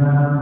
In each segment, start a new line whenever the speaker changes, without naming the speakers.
النار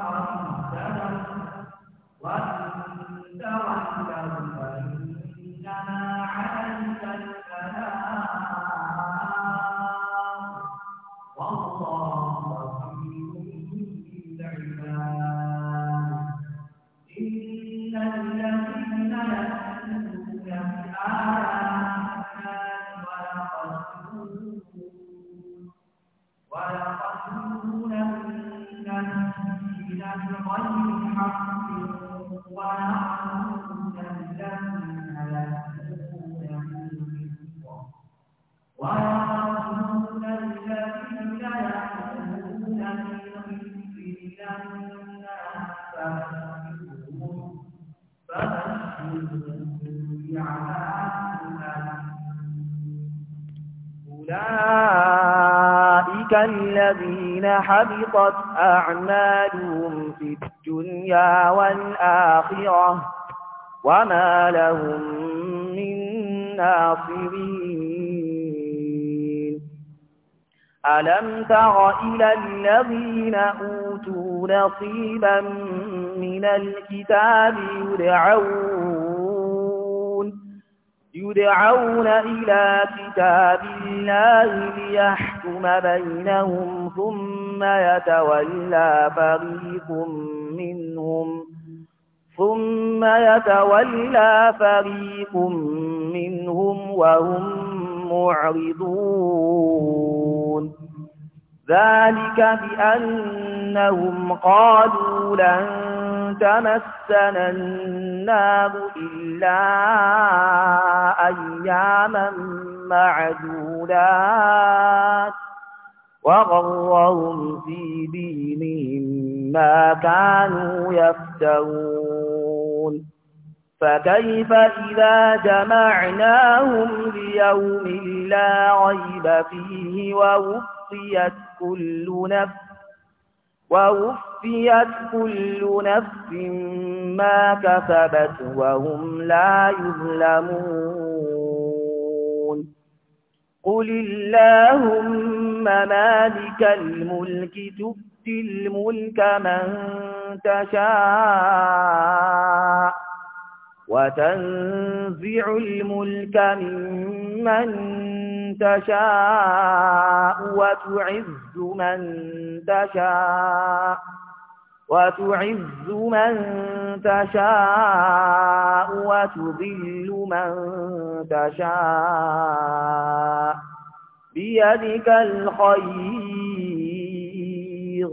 أنزله
حبطت أعمالهم في الدنيا والآخرة وما لهم من ناصرين ألم تر إلى الذين أوتوا نصيبا من الكتاب يدعون يدعون إلى كتاب الله ليحكم بينهم ثم ثم يتولى فريق منهم ثم يتولى فريق منهم وهم معرضون ذلك بأنهم قالوا لن تمسنا النار إلا أياما معدودات وغرهم في دينهم ما كانوا يفترون فكيف إذا جمعناهم ليوم لا ريب فيه ووفيت كل نفس ووفيت كل نفس ما كسبت وهم لا يظلمون قل اللهم مالك الملك تؤتي الملك من تشاء وتنزع الملك ممن تشاء وتعز من تشاء وتعز من تشاء وتذل من تشاء بيدك الخير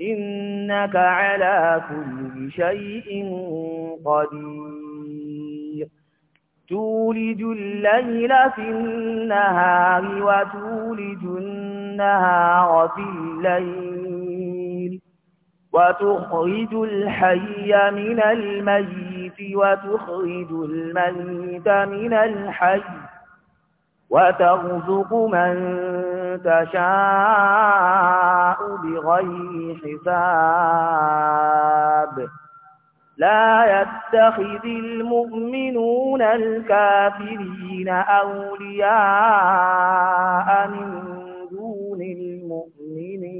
إنك على كل شيء قدير تولج الليل في النهار وتولج النهار في الليل وتخرج الحي من الميت وتخرج الميت من الحي وترزق من تشاء بغير حساب لا يتخذ المؤمنون الكافرين أولياء من دون المؤمنين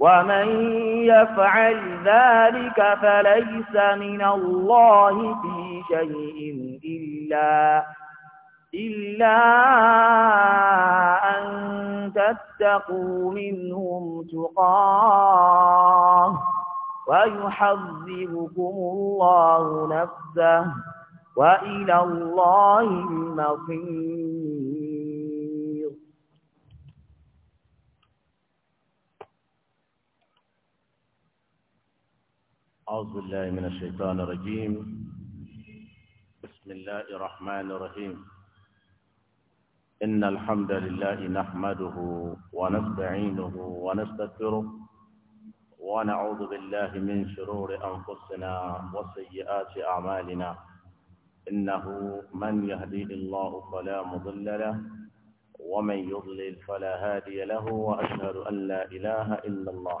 ومن يفعل ذلك فليس من الله في شيء إلا إلا أن تتقوا منهم تقاه ويحذركم الله نفسه وإلى الله المصير
أعوذ بالله من الشيطان الرجيم بسم الله الرحمن الرحيم إن الحمد لله نحمده ونستعينه ونستغفره ونعوذ بالله من شرور أنفسنا وسيئات أعمالنا إنه من يهديه الله فلا مضل له ومن يضلل فلا هادي له وأشهد أن لا إله إلا الله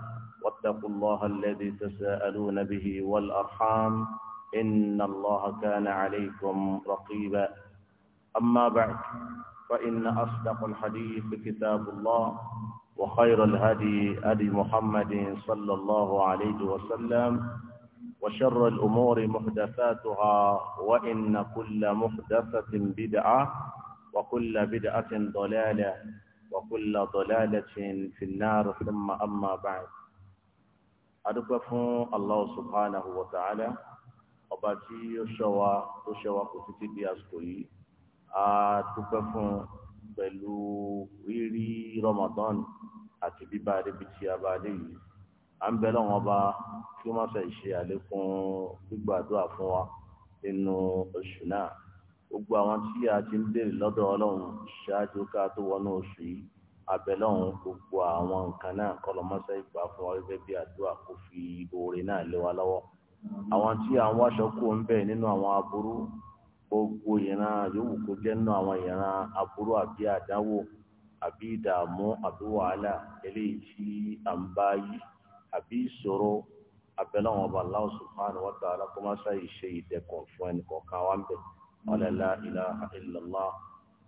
واتقوا الله الذي تساءلون به والأرحام إن الله كان عليكم رقيبا أما بعد فإن أصدق الحديث كتاب الله وخير الهدي هدي محمد صلى الله عليه وسلم وشر الأمور محدثاتها وإن كل محدثة بدعة وكل بدعة ضلالة وكل ضلالة في النار ثم أما بعد adúpẹ́ fún allah subhanahu wa ta'ala ọba tí ó ṣọwa tó ṣọwa kò títí di àsìkò yìí a dúpẹ́ fún pẹ̀lú rírí ramadan àti bíbá adébi tí a bá dé yìí à ń bẹ lọ́wọ́n ọba kí ó fẹ́ ṣe àlékún gbígbàdúrà fún wa nínú oṣù náà gbogbo àwọn tí a ti ń béèrè lọ́dọ̀ ọlọ́run ṣáájú ká tó wọnú oṣù yìí abẹ́lẹ́ gbogbo àwọn nǹkan náà kọlọmọsẹ́ ìgbà fún wa gẹ́gẹ́ bí àdúrà fi oore náà lé wa lọ́wọ́ àwọn tí à ń wáṣọ kú ń bẹ̀ nínú àwọn aburú gbogbo ìran yòówù kó jẹ́ nínú àwọn ìran aburú àbí àdánwò àbí ìdààmú àbí wàhálà eléyìí tí à ń bá yí àbí ìṣòro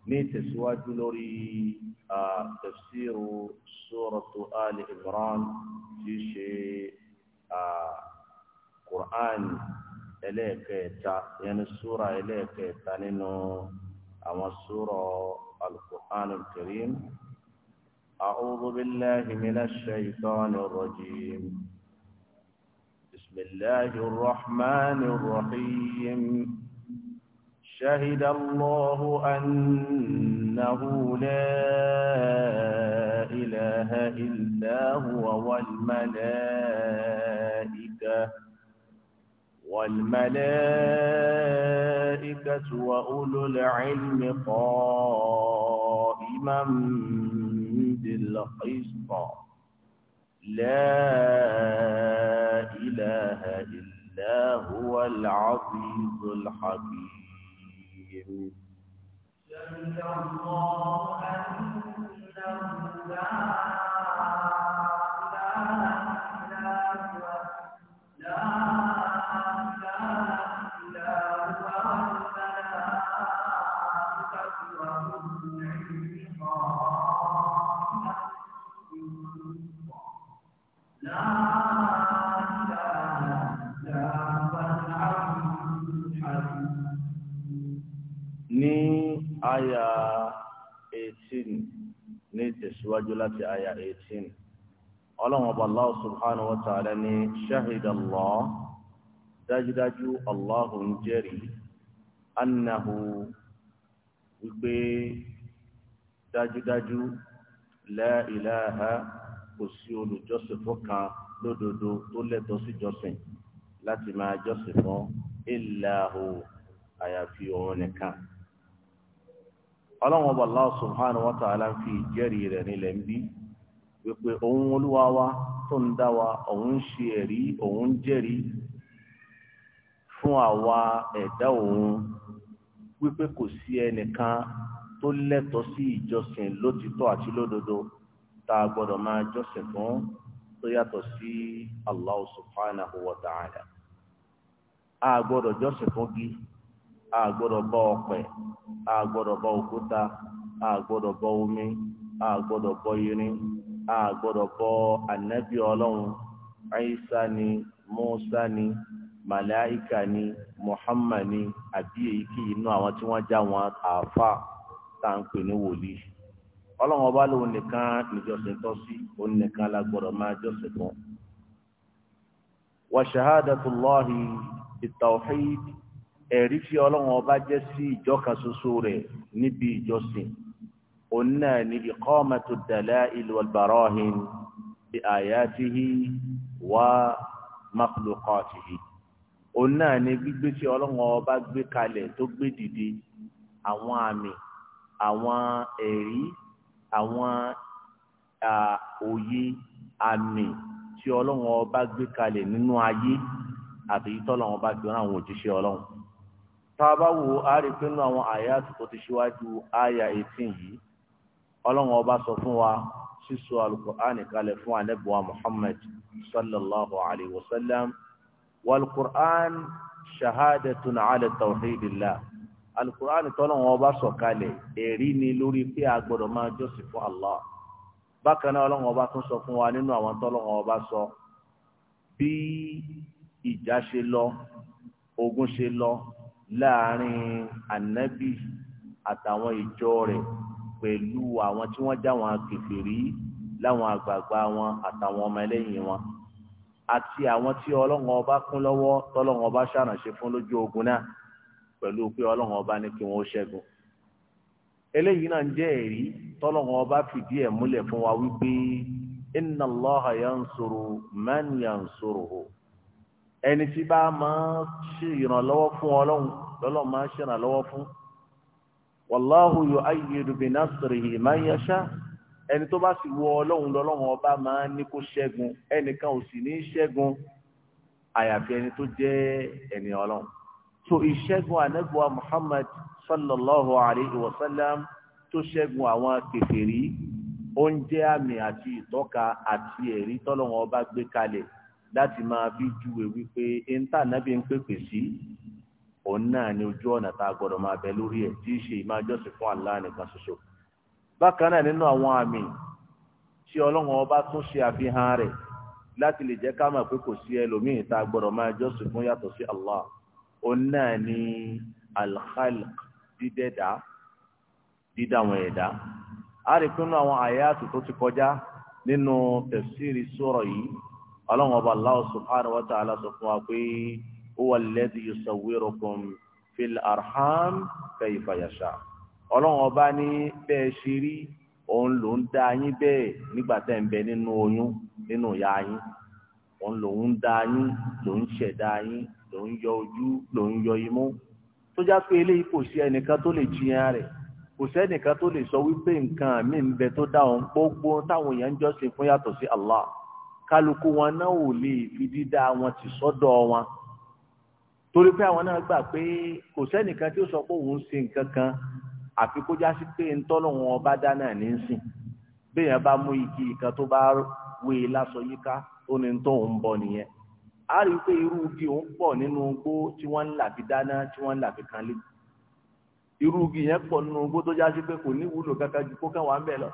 ní tẹ̀síwájú lórí tafsiru suratu ali imran tí í ṣe qur'an ẹlẹ́ẹ̀kẹta yẹn ní súra ẹlẹ́ẹ̀kẹta nínú àwọn súra al-qur'an al-karim. أعوذ بالله من الشيطان الرجيم بسم الله الرحمن الرحيم شهد الله أنه لا إله إلا هو والملائكة والملائكة وأولو العلم قائما بالقسط لا إله إلا هو العزيز الحكيم الجميع
شهد الله أنه لا إله
tẹ̀síwájú láti àyà 18 ọlọ́run ọba allah subhanahu wa ta'ala ní shahid allah dájúdájú allah ń jẹ́rìí annahu wípé dájúdájú la ilaha kò sí olùjọ́sìn fún lódodo tó lẹ́tọ̀ọ́ sí jọ́sìn láti máa jọ́sìn fún illahu àyàfi òun nìkan. ọlọ́run ọba Allah subhanahu wa ta'ala ń fi ìjẹ́rìí rẹ̀ nílẹ̀ ń bí wípé òun olúwa tó ń dá wa òun ń ṣe ẹ̀rí òun ń jẹ́rìí fún àwa ẹ̀dá òun wípé kò sí ẹnìkan tó lẹ́tọ̀ọ́ sí ìjọsìn lótìtọ́ àti lódodo tá a gbọ́dọ̀ máa jọ́sìn fún tó yàtọ̀ sí a gbọ́dọ̀ jọ́sìn fún gi a bọ ọ̀pẹ̀ a bọ òkúta a bọ omi a bọ irin a bọ ànábì Ọlọ́run Aisa ni Musa ni Malaika ni Muhammad ni àbí èyíkéyìí inú àwọn tí wọ́n já wọn àáfà tá à ń pè ní wòlíì Ọlọ́run ọba lòun nìkan níjọ́sìn tọ́ sí òun ẹ̀rí fi ọlọ́run ọba jẹ́ sí ìjọ kan ṣoṣo rẹ̀ níbi ìjọsìn òun náà ni iqamatu dalail wal barahin bi ayatihi wa makhluqatihi òun náà ni gbígbé tí ọlọ́run ọba gbé kalẹ̀ tó gbé dìde àwọn àmì àwọn ẹ̀rí àwọn òye àmì tí ọlọ́run ọba gbé kalẹ̀ nínú ayé àti ìtọ́lọ́run ọba gbé àwọn òjíṣẹ́ ọlọ́run tá a bá wo a rí pé nínú àwọn àyà tó ti ṣíwájú àyà eighteen yìí ọlọ́run ọba sọ fún wa sísọ alukur'an kalẹ̀ fún anabiwa muhammad sallallahu alayhi wa sallam walukur'an shahadatun ala tawhidillah alukur'an tọ́lọ́run ọba sọ kalẹ̀ ẹ̀rí ni lórí pé a gbọ́dọ̀ máa jọ́sìn fún allah bákan náà ọlọ́run ọba tún sọ fún wa nínú àwọn tọ́lọ́run ọba sọ bí ìjà ṣe lọ ogun ṣe lọ láàrin anabi àtàwọn ìjọ rẹ̀ pẹ̀lú àwọn tí won já wọn lawon láwọn àgbààgbà wọn àtàwọn ọmọ ẹlẹ́yìn wọn àti àwọn tí ọlọ́run ọba kún lọ́wọ́ tọ́lọ́run ọba fún lójú ogun náà pẹ̀lú pé ọlọ́run ọba ní kí wọ́n ṣẹ́gun eléyìí náà ń jẹ́ ẹ̀rí tọ́lọ́run ọba fìdí ẹ̀ múlẹ̀ fún wa wípé inna ẹni tí bá máa ṣe ìrànlọ́wọ́ fún ọlọ́run lọ́lọ́run máa ṣe ìrànlọ́wọ́ fún wàláhù yu'ayyidu bi nasrihi man yasha ẹni tó bá sì wọ ọlọ́run lọ́lọ́run ọba máa ní kó ṣẹ́gun ẹnìkan ò sì ní ṣẹ́gun àyàfi ẹni tó jẹ́ ẹni ọlọ́run tó ìṣẹ́gun anẹ́gbọ́n Muhammad sallallahu alayhi wa sallam tó ṣẹ́gun àwọn kèfèrí ó àmì àti ìtọ́ka àti ẹ̀rí tọ́lọ́run ọba gbé kalẹ̀ láti máa bí júwe wípé ẹ̀ńtà nábì ń pèpè sí òun náà ni ojú ọ̀nà tá a gbọ́dọ̀ máa bẹ lórí ẹ̀ tí í ṣe ìmájọ́sìn fún Allah nìkan ṣoṣo. bákan náà nínú àwọn àmì tí ọlọ́run ọba tún ṣe àfihàn rẹ̀ láti lè jẹ́ ká mọ̀ pé kò sí ẹlòmíì tá a gbọ́dọ̀ máa jọ́sìn fún yàtọ̀ sí Allah òun náà ni al-khalq dídá àwọn ẹ̀dá. a rí pé àwọn àyàtù tó ti kọjá nínú tafsiri sura yìí ọlọ́run ọba Allah subhanahu wa ta'ala sọ fún wa pé huwa alladhi yusawwirukum fil arham kayfa yasha ọlọ́run ọba ní bẹ́ẹ̀ ṣe rí òun ló ń dá yín bẹ́ẹ̀ nígbà tẹ́ ń bẹ nínú oyún nínú ìyá yín òun ló ń dá yín ló ń ṣẹ̀dá yín ló ń yọ ojú ló ń yọ imú tó já pé eléyìí kò sí ẹnìkan tó lè jiyàn rẹ̀ kò sẹ́nìkan tó lè sọ wípé nǹkan mi ń bẹ tó dá òun gbogbo táwọn èèyàn ń jọ́sìn fún yàtọ̀ sí Allah kálukú wọn náà ò lè fi dídá wọn ti sọ́dọ̀ wọn torí pé àwọn náà gbà pé kò sẹ́nìkan tí ó sọ pé òun ṣe nǹkan kan àfi kó já sí pé ntọ́lọ́wọ́n ọba dáná ní í sìn béèyàn bá mú igi kan tó bá wé e lásọ yíká ó ní tó ń bọ nìyẹn a rí i pé irú igi òun pọ̀ nínú igbó tí wọ́n ń là fi dáná tí wọ́n ń là fi kanlé irú igi yẹn pọ̀ nínú igbó tó já sí pé kò ní wúlò kankan ju kó kàn wá lọ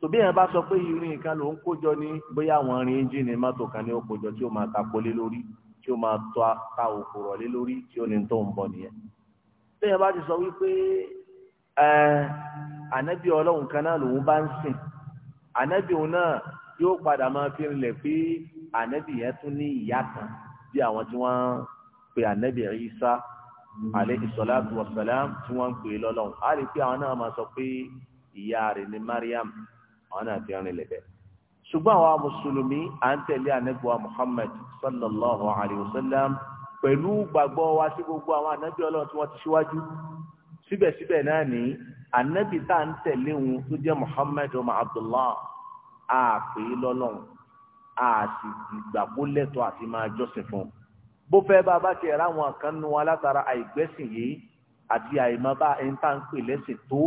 tòbí yẹn bá sọ pé irin nǹkan ló ń kójọ ní bóyá àwọn irin ẹ́ńjìnì mọ́tò kan ní ó kójọ tí ó máa ka polé lórí tí ó máa tọ́ ka òkúrọ̀ lé lórí tí ó ní tó ń bọ̀ nìyẹn. bí yẹn bá ti sọ wípé ànábì ọlọ́run kan náà lòun bá ń sìn ànábì òun náà yóò padà máa fi rinlẹ̀ pé ànábì yẹn tún ní ìyá kan bí àwọn tí wọ́n pe ànábì Ìsá alayhi salatu wassalam tí wọ́n ń pè lọ́lọ́run ni Mariam àwọn náà fi rìn lẹ́bẹ̀ẹ́ ṣùgbọ́n àwa mùsùlùmí à ń tẹ̀lé ànẹ́gbọ́n Muhammad sallallahu alayhi wa sallam pẹ̀lú gbàgbọ́ wa sí gbogbo àwọn ànábì ọlọ́run tí wọ́n ti ṣíwájú síbẹ̀síbẹ̀ náà ní ànábì tá à ń tẹ̀lé wọn tó jẹ́ Muhammad ọmọ Abdullah àpè lọ́lọ́run a sì gbà kó lẹ́tọ̀ọ́ àti máa jọ́sìn fún un bó fẹ́ bá bá tiẹ̀ ráwọn kan nu wa yìí àti àìmọ́ bá ń pè lẹ́sìn tó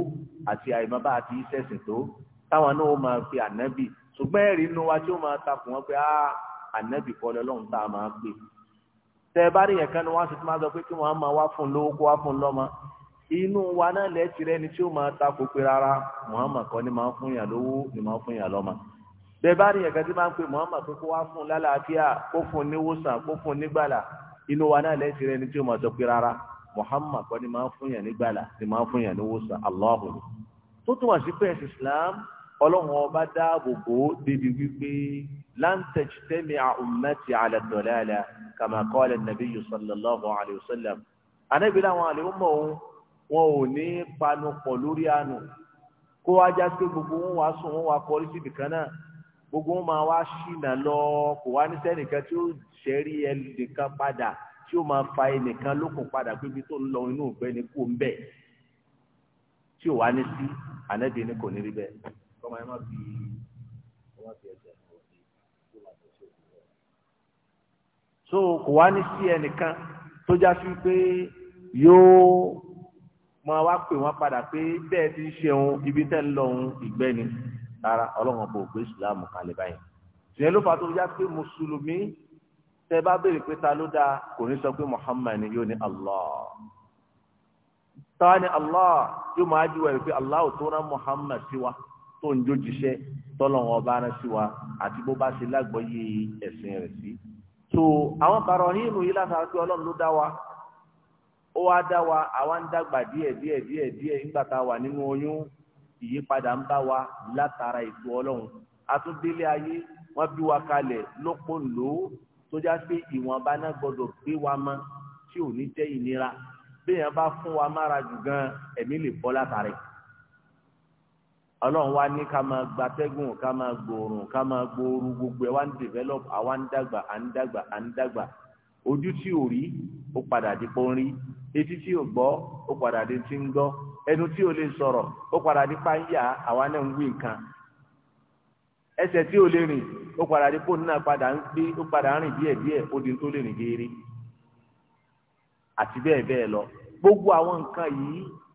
àti àìmọ́ àti ìṣẹ̀sìn tó táwọn náà ó máa fi ànábì ṣùgbọ́n ẹ̀rí inú wa tí ó máa takùn wọn pé áá ah, ànábì kọ́ lọ́lọ́run tá a máa pè tẹ ẹ bá rí yẹn kan ni wọ́n á sì ti máa sọ pé kí wọ́n á máa wá fún un lówó kó wá fún un lọ́mọ inú wa náà lẹ́ẹ̀ ti rẹ́ni tí ó máa takùn pé rárá Muhammad kọ́ ni máa ń fún yàn lówó ni máa ń fún yàn lọ́mọ tẹ ẹ bá rí yẹn kan tí máa ń pè Muhammad pé kó wá fún un lálàáfíà kó fún un níwòsàn kó fún un nígbàlà inú wa náà lẹ́ẹ̀ ti rẹ́ni tí ó máa sọ pé rárá Muhammad kọ́ ni máa fún yàn nígbàlà ni máa fún yàn níwòsàn Allahu tó ọlọ́run ọba dáàbò bò ó débi wípé láǹtẹ̀jì tẹ́mi àùmẹ́tì àlẹ́dọ̀lẹ́àlẹ́ kàmàkọ́ọ̀lẹ̀ nàbí sallallahu alayhi wa sallam. anábì láwọn àlèhùnmọ̀ òun wọn ò ní panu pọ̀ lórí àánú kó wá já sí gbogbo wọn wá sùn wọn wá kọrí síbi kan náà gbogbo wọn máa wá ṣìnà lọ kò wá ní sẹ́nìkan tí ó ṣẹ́rí ẹnìkan padà tí ó máa fa ẹnìkan lókun padà pé ibi tó ń lọ inú ìgbẹ́ni kò ń bẹ̀ tí ò wá ní sí anábì ni kò ní rí bẹ́ẹ̀ kọ́mọ ẹ má fi ọmọ fi ẹ̀jẹ̀ ní òde
tó máa tẹ̀ sí òkú rẹ̀.
so kò wá ní sí ẹnìkan tó já sí pé yóò máa wá pè wọ́n padà pé bẹ́ẹ̀ ti ń ṣe òun ibi tẹ́ ń lọ òun ìgbẹ́ni rárá ọlọ́run ọba ògbé ìsìláàmù kalẹ̀ báyìí ìyẹn ló fà tó já pé mùsùlùmí tẹ bá béèrè pé ta ló dáa kò ní sọ pé muhammad yóò ní allah táwa ni allah yóò máa júwèé pé allah ò tó rán muhammad sí wa tó ń jó jíṣẹ́ tọ́lọ́wọ́n ọba rán sí wa àti bó bá ṣe lágbọ́yé ẹ̀sìn rẹ̀ sí. so àwọn kàrọ̀ nínú yìí látara pé ọlọ́run ló dá wa ó wá dá wa àwa ń dàgbà díẹ̀ díẹ̀ díẹ̀ díẹ̀ nígbà tá a wà nínú oyún ìyípadà ń bá wa látara ètò ọlọ́run àtúndélé ayé wọ́n bí wa kalẹ̀ lọ́pọ̀ lòó tó já pé ìwọ̀nba náà gbọ́dọ̀ gbé wa mọ́ tí ò ní jẹ́ ìnira béèyàn bá fún wa mára jù gan ẹ̀mí lè bọ́ látara ẹ̀ ọlọ́run wa ní ká máa gbatẹ́gùn ká máa gbòòrùn ká máa gbòòrùn gbogbo ẹ̀ wá ń develop àwa ń dàgbà à ń dàgbà à ń dàgbà ojú tí ò rí ó padà di pọ́n rí etí tí ò gbọ́ ó padà di ń gbọ́ ẹnu tí ò lè sọ̀rọ̀ ó padà di páyà àwa náà ń wí nǹkan ẹsẹ̀ tí ò lè rìn ó padà di pọ́n náà padà ń gbé ó padà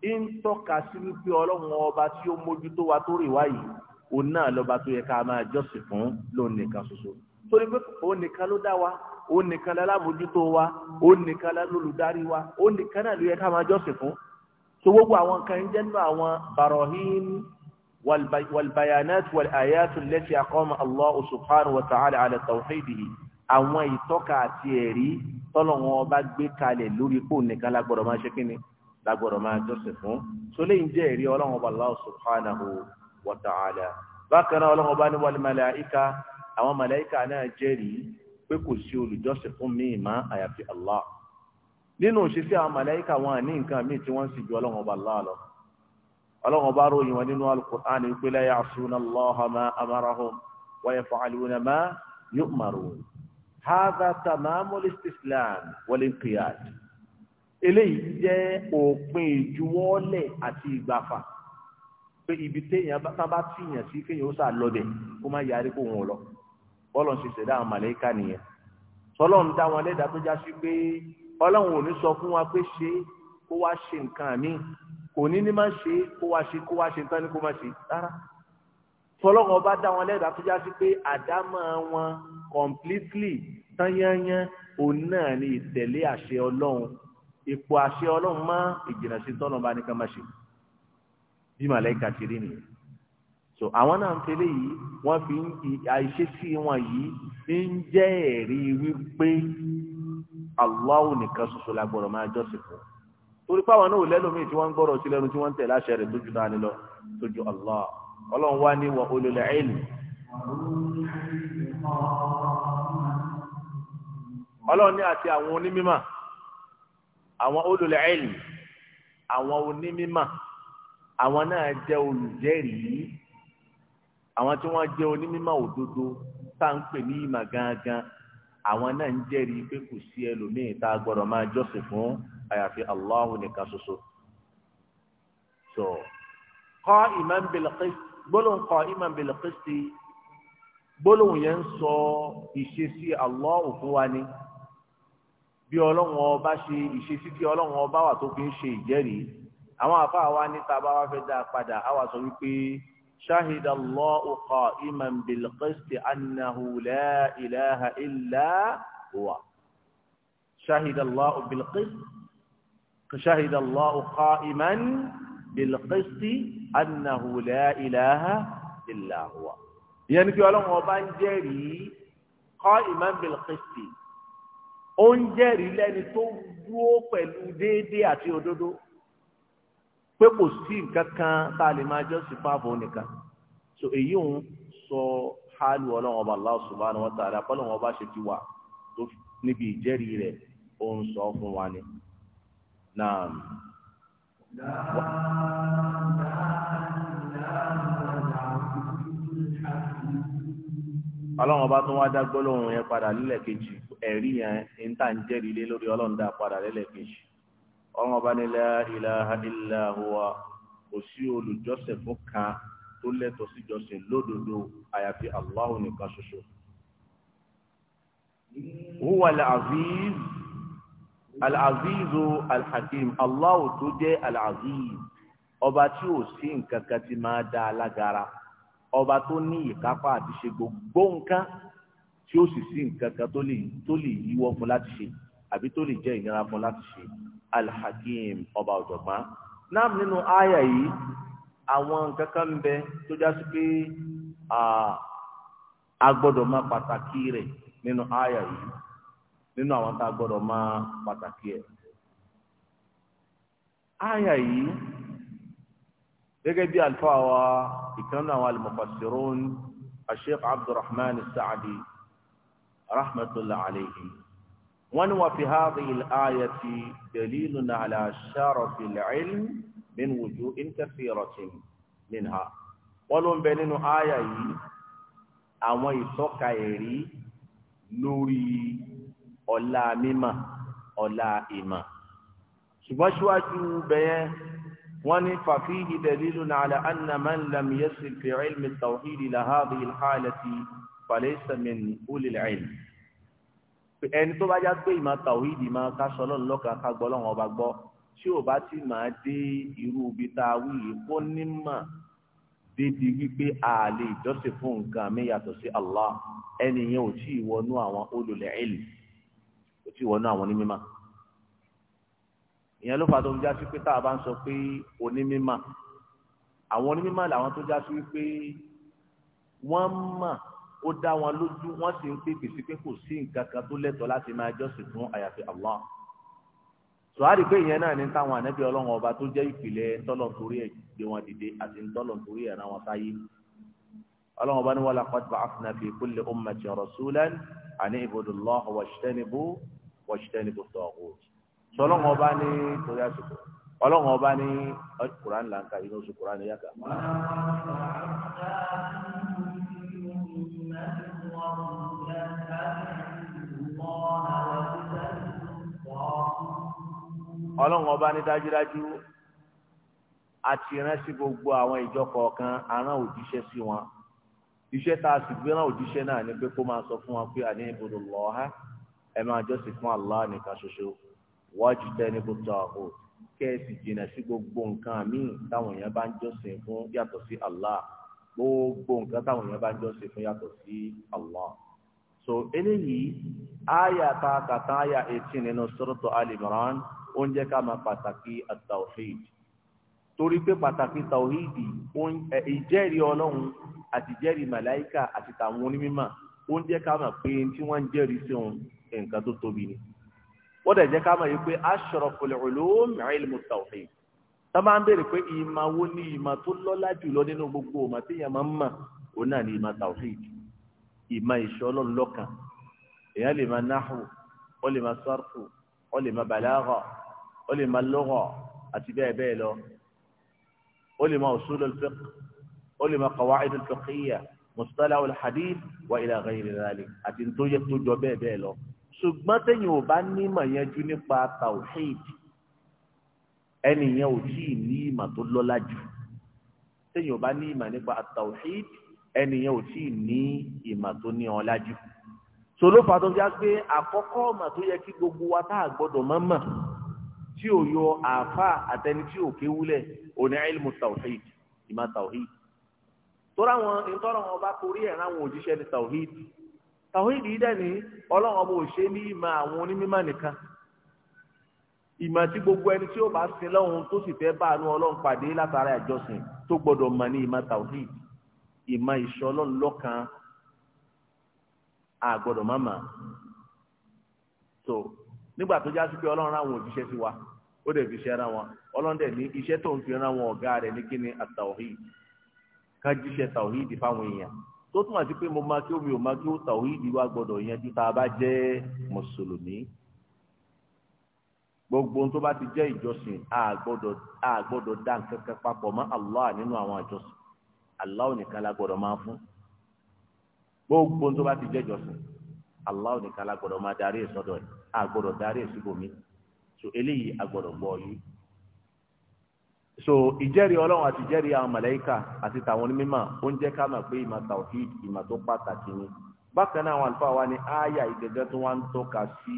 ń tọ́ka sí wípé ọlọ́run ọba tí ó mójútó wa tó rè wáyìí òun náà lọ́ba tó yẹ ká máa jọ́sìn fún lóun nìkan ṣoṣo torí pé òun nìkan ló dá wa òun nìkan la lámójútó wa òun nìkan la lólùdarí wa òun nìkan náà ló yẹ ká máa jọ́sìn fún so gbogbo àwọn nǹkan ń jẹ́ nínú àwọn barohin walbayanat walayatu lẹ́tí akọ́mọ allah subhanahu wa ta'ala ala tawhidihi àwọn ìtọ́ka àti ẹ̀rí tọ́lọ́wọ́n ọba gbé kalẹ̀ lórí pò nìkan lágbọ́dọ̀ máa ṣe kí ni lágbọ́dọ̀ máa jọ́sìn fún sólè ń jẹ́ ẹ̀rí ọlọ́run ọba Allah subhanahu wa ta'ala bákan náà ọlọ́run ọba ní wal màláìka àwọn màláìka náà jẹ́rìí pé kò sí olùjọ́sìn fún mi ìmá àyàfi Allah nínú òṣìṣẹ́ àwọn màláìka wọn àní nǹkan míì tí wọ́n ń sì ju ọlọ́run ọba Allah lọ ọlọ́run ọba ròyìn wọn nínú alukur'an pé la ya'suna Allaha ma amarahum wa yaf'aluna ma yu'marun hadha tamamul istislam wal inqiyad eléyìí jẹ́ òpin ìjuwọ́lẹ̀ àti ìgbàfà pé ibi téèyàn bá bá tìyàn sí kéèyàn ó sà lọ́dẹ̀ kó má yarí kó wọn lọ bọ́lọ̀ ń ṣiṣẹ́ dáhùn màlẹ́kà nìyẹn sọlọ́ ń dá wọn lẹ́dàá tó já sí pé ọlọ́run ò ní sọ fún wa pé ṣe kó wá ṣe nǹkan mi kò ní ní má ṣe kó wá ṣe kó wá ṣe tán ní kó má ṣe rárá sọlọ́run ọba dá wọn lẹ́dàá tó já sí pé àdámọ́ wọn completely tán yányán òun náà ni ìtẹ̀lé àṣẹ ọlọ́run ipò àṣẹ ọlọ́run má ìjìnà sí tọ́nà bá ní ká má ṣe bí màláìka ti rí nìyẹn so àwọn náà ń tẹ́lẹ̀ yìí wọ́n fi àìṣesí wọn yìí ń jẹ́ ẹ̀rí wípé Allahu nìkan ṣoṣo la gbọ́dọ̀ máa jọ́sìn fún torí pé àwọn náà ò lẹ́lòmíì tí wọ́n ń gbọ́dọ̀ sí lẹ́nu tí wọ́n ń tẹ̀lé àṣẹ rẹ̀ tójú náà nílọ tójú Allah ọlọ́run wá ní wa ulul ilm ọlọ́run ní àti àwọn onímímà àwọn ulul ilm àwọn onímímà àwọn náà jẹ́ olùjẹ́rìí àwọn tí wọ́n jẹ́ onímímà òdodo tá à ń pè ní ìmà gangan àwọn náà ń jẹ́rìí pé kò sí ẹlòmíín tá a gbọ́dọ̀ máa jọ́sìn fún àyàfi Allahu nìkan ṣoṣo. so qa'iman bil qist gbólóhùn qa'iman bil qisti gbólóhùn yẹn ń sọ ìṣesí Allahu fún wa ni. So, bí ọlọ́run ọba ṣe ìṣesí tí ọlọ́run ọba wà tó fi ń ṣe ìjẹ́rìí àwọn àfa àwa níta bá wá fẹ́ dáa padà àwa sọ wípé ṣáhìdà Allahu qa'iman bil qisti annahu la ilaha illa huwa ṣáhìdà Allahu bil qisti ṣáhìdà Allahu qa'iman bil qisti annahu la ilaha illa huwa. ìyẹn ni kí ọlọ́run ọba ń jẹ́rìí qa'iman bil qisti. ó ń jẹ́rìí lẹ́ni tó dúró pẹ̀lú déédéé àti òdodo pé kò sí nǹkan kan tá a lè máa nìkan so èyí ń sọ hálù ọlọ́run ọba Allah subhanahu wa ta'ala kọ́lọ́run ọba ṣe ti wà tó níbi ìjẹ́rìí rẹ̀ ó ń sọ fún wa ni. Naam. ọlọ́run ọba tó wá dá gbólóhùn yẹn padà lẹ́lẹ́kejì ẹ̀rí yẹn ń tà ń jẹ́rìí lé lórí ọlọ́run dá padà lẹ́lẹ́kejì ọlọ́run ọba ní la ilaha illa huwa kò sí olùjọ́sìn fún kan tó lẹ́tọ̀ sí jọ́sìn lódodo àyàfi Allahu nìkan ṣoṣo. huwa al-aziz al-azizu al-hakim Allahu tó jẹ́ al-aziz ọba tí ò sí nǹkan kan ti máa dá alágara ọba tó ní ìkápá àti ṣe gbogbo nǹkan tí ó sì sí nǹkan kan tó lè tó lè yíwọ́ fún láti ṣe àbí tó lè jẹ́ ìnira fún láti ṣe alhakim ọba ọ̀jọ̀gbọ́n náà nínú àyà yìí àwọn nǹkan kan ń bẹ tó já sí pé a gbọ́dọ̀ máa pàtàkì rẹ̀ nínú àyà yìí nínú àwọn tá a gbọ́dọ̀ máa pàtàkì ẹ̀ àyà yìí gẹ́gẹ́ bí àlùfáà wa ìkànnì àwọn al-mufassirun asheikh abdulrahman saadi rahmatullahi alayhi wọ́n ní wà fi hadhihi al-ayati dalilun ala sharafi al-ilm min wujuhin kathiratin minha wọ́n ló ń bẹ nínú àyà yìí àwọn ìtọ́ka lórí ọlá mímọ̀ ọlá ìmọ̀ ṣùgbọ́n síwájú bẹ́ẹ̀ wọ́n ní fàfíhì dẹ̀lílù náà alẹ́ annaman lam yẹ́sì fi ilmi tawhidi lahadi ilhalati falẹ́sẹ̀mìn olùlẹ̀ẹ́n ẹni tó bá já gbé ìmọ̀ tawhidi máa ká sọlọ́ lọ́kàn ká gbọ́ lọ́wọ́ ọba gbọ́ tí ò bá ti máa dé irú ibi tá a wí yìí kó nímọ̀ débi wípé a lè fún nǹkan mi yàtọ̀ sí Allah ẹnìyẹn ò tí ì wọnú àwọn olùlẹ̀ẹ́lì ò tí ì wọnú àwọn onímọ̀ ìyẹn ló fà tó ń jásí pé tá a bá ń sọ pé onímímọ̀ àwọn onímímọ̀ làwọn tó jásí pé wọ́n mọ̀ ó dá wọn lójú wọ́n sì ń pè pèsè pé kò sí nǹkan kan tó lẹ́tọ̀ọ́ láti máa jọ́sìn fún àyàfi Allah sọ̀hárì pé ìyẹn náà ní táwọn ànábì ọlọ́run ọba tó jẹ́ ìpìlẹ̀ tọ́lọ̀ torí ẹ̀ gbé wọn dìde àti tọ́lọ̀ torí ẹ̀ rán wọn sáyé ọlọ́run ọba ní wa laqad ba'athna fi kulli ummatin rasulan ani ibudullaha wajtanibu wajtanibu at-taghut
sọlọ́wọ́n ọba ní
torí àsìkò ọlọ́wọ́n ọba ní kuran lanka inú oṣù kuran yàtọ̀. ọlọ́wọ́n ọba ní dájúdájú àti ìrántí gbogbo àwọn ìjọ kọ̀ọ̀kan arán òjíṣẹ́ sí wọn iṣẹ́ tá a sì gbé rán òjíṣẹ́ náà ni pé kó máa sọ fún wọn pé àní ibùdó lọ́ọ́ ha ẹ máa jọ́sìn fún Allah nìkan ṣoṣo wájú tẹni kò tọ àhó kẹ́ẹ̀sì jìnnà sí gbogbo nǹkan míì táwọn èèyàn bá ń jọ́sìn fún yàtọ̀ sí Allah gbogbo nǹkan táwọn èèyàn bá ń jọ́sìn fún yàtọ̀ sí Allah so eléyìí àyà tá a kà tán àyà eighteen nínú sọ́rọ́tọ̀ Al-Imran ó ń jẹ́ ká máa pàtàkì at-tawhid torí pé pàtàkì tàwíìdì ìjẹ́rìí ọlọ́run àti ìjẹ́rìí màláìkà àti tàwọn onímọ̀ ó ń jẹ́ ká mọ̀ pé tí wọ́n ń jẹ́rìí sí òun nǹkan tó tóbi ni ó dẹ̀ jẹ́ ká mọ̀ yìí pé ashraful ulum ilmu tawhid tá máa ń béèrè pé ìmọ̀ wo ni ìmọ̀ tó lọ́lá jùlọ nínú gbogbo ìmọ̀ tí yẹn máa ń mọ̀ òun náà ni ìmọ̀ tawhid ìmọ̀ ìṣọ́ ọlọ́run lọ́kàn èèyàn lè máa náhù ó lè máa sarfu ó lè máa bàlágà ó lè máa lugha àti bẹ́ẹ̀ bẹ́ẹ̀ lọ ó lè máa usulul fiqh ó lè máa qawaidul fiqhiyya mustalahul hadith wa àti ntòyẹ ṣùgbọ́n téèyàn ò bá nímọ̀ yanjú nípa tawhid ẹnìyẹn ò tí ì ní ìmọ̀ tó lọ́lá jù téèyàn ò bá ní ìmọ̀ nípa tawhid ẹnìyẹn ò tí ì ní ìmọ̀ tó ní ọlá jù sọlọ́ fàtó fi á pé àkọ́kọ́ ọ̀mà tó yẹ kí gbogbo wa tá a gbọ́dọ̀ mọ̀ mọ̀ tí ò yọ àáfà àtẹni tí ò kéwúlẹ̀ òní ilmu tawhid ìmọ̀ tawhid tó ráwọn ìtọ́rọ̀ wọn torí ẹ̀ tàwíìdì yìí dẹ́ni ọlọ́run ọba òṣè ní ìmọ̀ àwọn onímọ̀ nìkan ìmọ̀ tí gbogbo ẹni tí ó bá sin lọ́hùn tó sì fẹ́ bá àánú ọlọ́run pàdé látara ìjọsìn tó gbọdọ̀ mọ̀ ní ìmọ̀ tàwíìdì ìmọ̀ ìṣọ́ ọlọ́run lọ́kan àgbọ̀dọ̀ má mà so nígbà tó já sí pé ọlọ́run àwọn òjíṣẹ́ sí wa ó dẹ̀ fi iṣẹ́ ra wọn ọlọ́run dẹ̀ ní iṣẹ́ tó ń fi ra wọn ọ̀gá rẹ̀ ní kíni àtàwíìdì ká jíṣẹ́ tàwíìdì fáwọn èèyàn tó túmọ̀ sí pé mo máa kí omi ò máa kí ó tàwíìdì wa gbọ́dọ̀ yanjú tá a bá jẹ́ gbogbo ohun tó bá ti jẹ́ ìjọsìn a gbọ́dọ̀ dá nǹkan papọ̀ mọ́ Allah nínú àwọn ìjọsìn ma nìkan la máa fún gbogbo ohun tó bá ti jẹ́ ìjọsìn nìkan la máa darí a darí so eléyìí a gbọ́ yìí. so ìjẹ́rìí ọlọ́run àti ìjẹ́rìí àwọn àti tàwọn onímọ̀ ó ń jẹ́ ká mọ̀ pé ìmọ̀ tawhid ìmọ̀ tó pàtàkì ni bákan náà àwọn àlùfáà wa ní ááyà ìgẹ́gẹ́ tó wá ń tọ́ka sí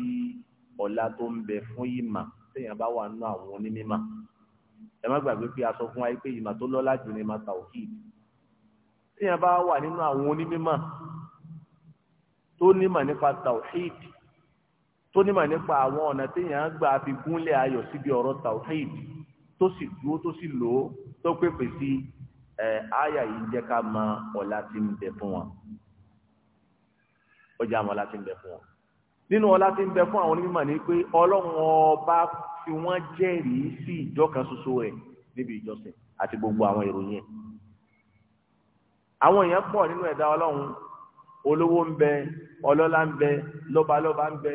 ọ̀la tó ń bẹ fún ìmọ̀ téèyàn bá wà àwọn onímọ̀ ẹ má gbàgbé pé a sọ fún wa pé ìmọ̀ tó lọ́lá jù ní ìmọ̀ téèyàn bá wà nínú àwọn onímọ̀ tó nímọ̀ nípa tó nímọ̀ nípa tó sì dúró tó sì lò ó tó pèpè sí ẹ àyà yìí jẹ́ ká mọ ọlá tí ń bẹ fún wọn ó jẹ́ àmọ́ ọlá tí ń bẹ fún wọn nínú ọlá tí ń bẹ fún àwọn onímọ̀ ni pé ọlọ́run ọba fi wọ́n jẹ́rìí sí ìjọ kan ṣoṣo rẹ̀ níbi ìjọsìn àti gbogbo àwọn ìròyìn ẹ̀ àwọn èèyàn pọ̀ nínú ẹ̀dá ọlọ́run olówó ń bẹ ọlọ́lá ń bẹ lọ́balọ́ba ń bẹ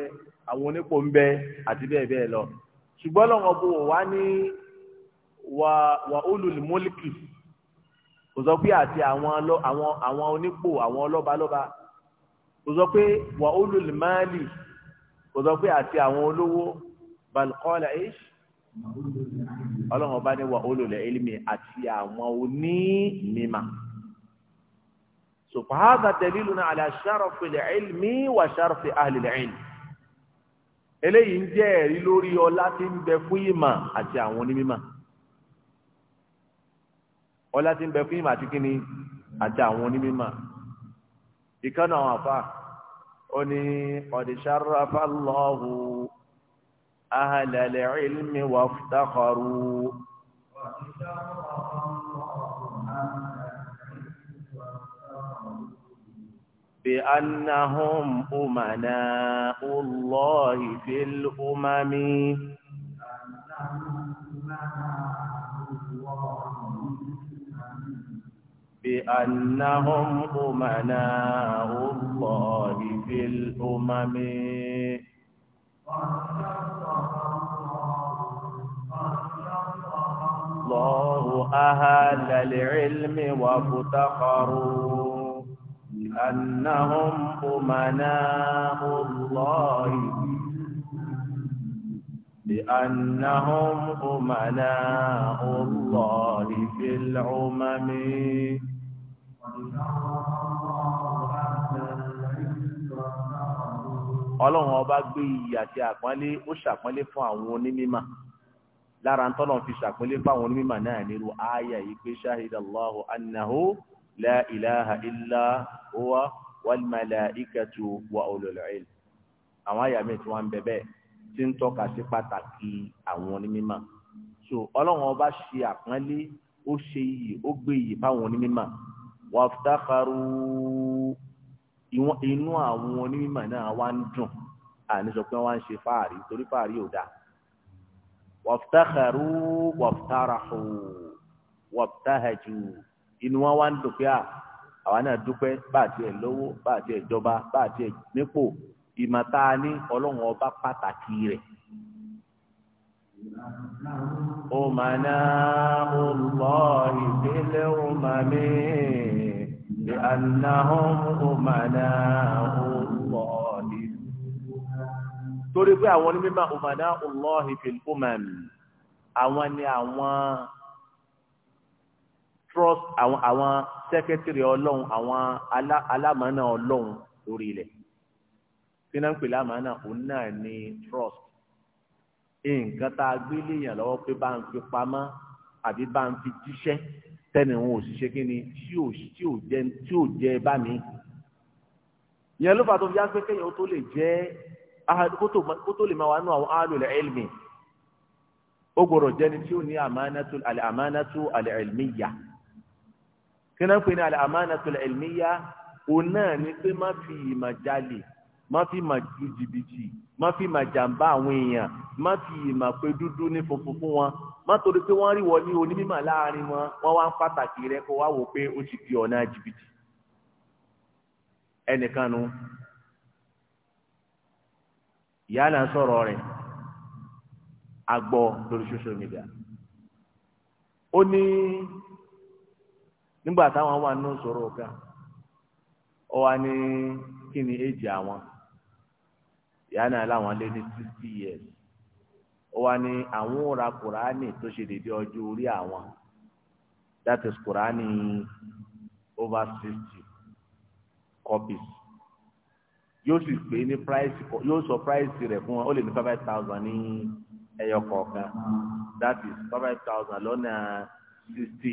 àwọn onípò ń bẹ àti bẹ́ẹ̀ bẹ́ẹ̀ lọ ṣùgbọ́n ọlọ́run ọba ò ní wà wà ulul mulki kò sọ pé àti àwọn àwọn àwọn onípò àwọn ọlọ́balọ́ba kò sọ pé wà ulul mali kò sọ pé àti àwọn olówó balqala ish ọlọ́run ọba ní wà ulul ilmi àti àwọn onímìmà sùpàhádà daliluna ala sharafil ilmi wà sharafi ahlil eléyìí ń jẹ́ ẹ̀rí lórí ọlá tí ń bẹ fún ìmà àti àwọn onímìmà ọlá tí ń bẹ fún ìmọ̀ àti kíni àti àwọn onímọ̀ ìkànnì àwọn àfa ó ní ọ̀dìṣàràfà lọ́hù ahàlẹ̀lẹ̀ ìlmi wà fúdàkọ̀rù. بأنهم أمناء الله في الأمم
بأنهم أمناء الله
بأنهم أمناء الله في الأمم الله أهل العلم وافتقروا بأنهم أمناء الله لأنهم أمناء الله في الأمم ọlọ́run ọba gbé iyì àti àpọ́nlé ó ṣàpọ́nlé fún àwọn onímímà lára ń tọ́lọ̀ fi ṣàpọ́nlé fún àwọn onímímà náà nírú àyà yìí pé ṣahidallahu annahu la ilaha illa huwa wal malaikatu wa ulul ilm àwọn àyà mi tí wọ́n ń bẹ tí ń tọ́ka sí pàtàkì àwọn onímímà so ọlọ́run ọba ṣe àpọ́nlé ó ṣe iyì ó gbé iyì fáwọn onímímà wàfùtàkàrù inú àwọn onímọ̀ náà wá ń dùn àní sọ pé wọ́n ń ṣe fáàrí torí fáàrí ò dáa wàfùtàkàrù wàfùtàràhù wàfùtàhàjù inú wọn wá ń dùn pé àwa náà dúpẹ́ bá a tiẹ̀ lówó bá a tiẹ̀ jọba bá a tiẹ̀ nípò ìmọ̀ta ní ọlọ́run ọba pàtàkì rẹ̀. Òmànà ọlọ́ọ̀hìn délé òmàmí. لأنهم أمناء الله torí pé àwọn onímọ̀ ọ̀mọ̀dá ọlọ́ọ̀hì fìlì ọ̀mọ̀mì àwọn أوان àwọn trust àwọn àwọn sẹ́kẹ́tìrì ọlọ́run àwọn alámọ̀nà ọlọ́run lórí ilẹ̀ kí náà ń pè lámọ̀nà òun náà ni trust nǹkan tá a gbé léèyàn lọ́wọ́ pé bá ń fi pamọ́ àbí bá ń fi jíṣẹ́ tẹ́nì òun ò sì ṣe kí ni tí ò tí ò jẹ tí ò jẹ bá mi. ìyẹn ló fà tó fi á pé kéèyàn tó lè jẹ́ kó tó lè máa wà nù àwọn alòlẹ̀ ẹ̀lmì ó gbọ́dọ̀ jẹ́ni tí ó ní àmánátù àmánátù àlẹ́ẹ̀lmíyà kí náà pè ní àmánátù àlẹ́ẹ̀lmíyà òun náà ni pé má fi ìmọ̀ jalè má fi mà ju jìbìtì má fi mà jamba àwọn èèyàn má fi mà pé dúdú ní funfun fún wọn má torí pé wọ́n rí wọ ní onímọ̀ láàrin wọn wọ́n wá ń pàtàkì rẹ kó wá wò pé ó ti di ọ̀nà jìbìtì ẹnìkan nu ìyá náà sọ̀rọ̀ rẹ̀ agbọ́ lórí social media ó ní nígbà táwọn wà nù sọ̀rọ̀ ọ̀gá ọ wa ní kí ni èjì àwọn ìyá náà lé ní sixty years ó wá ní àwọn ò kùránì tó ṣe dédé ọjọ́ orí àwọn that is over sixty copies yóò sì pè ní price yóò sọ price rẹ fún ọ ó lè ní five thousand ní ẹyọ that is five thousand lọ́nà sixty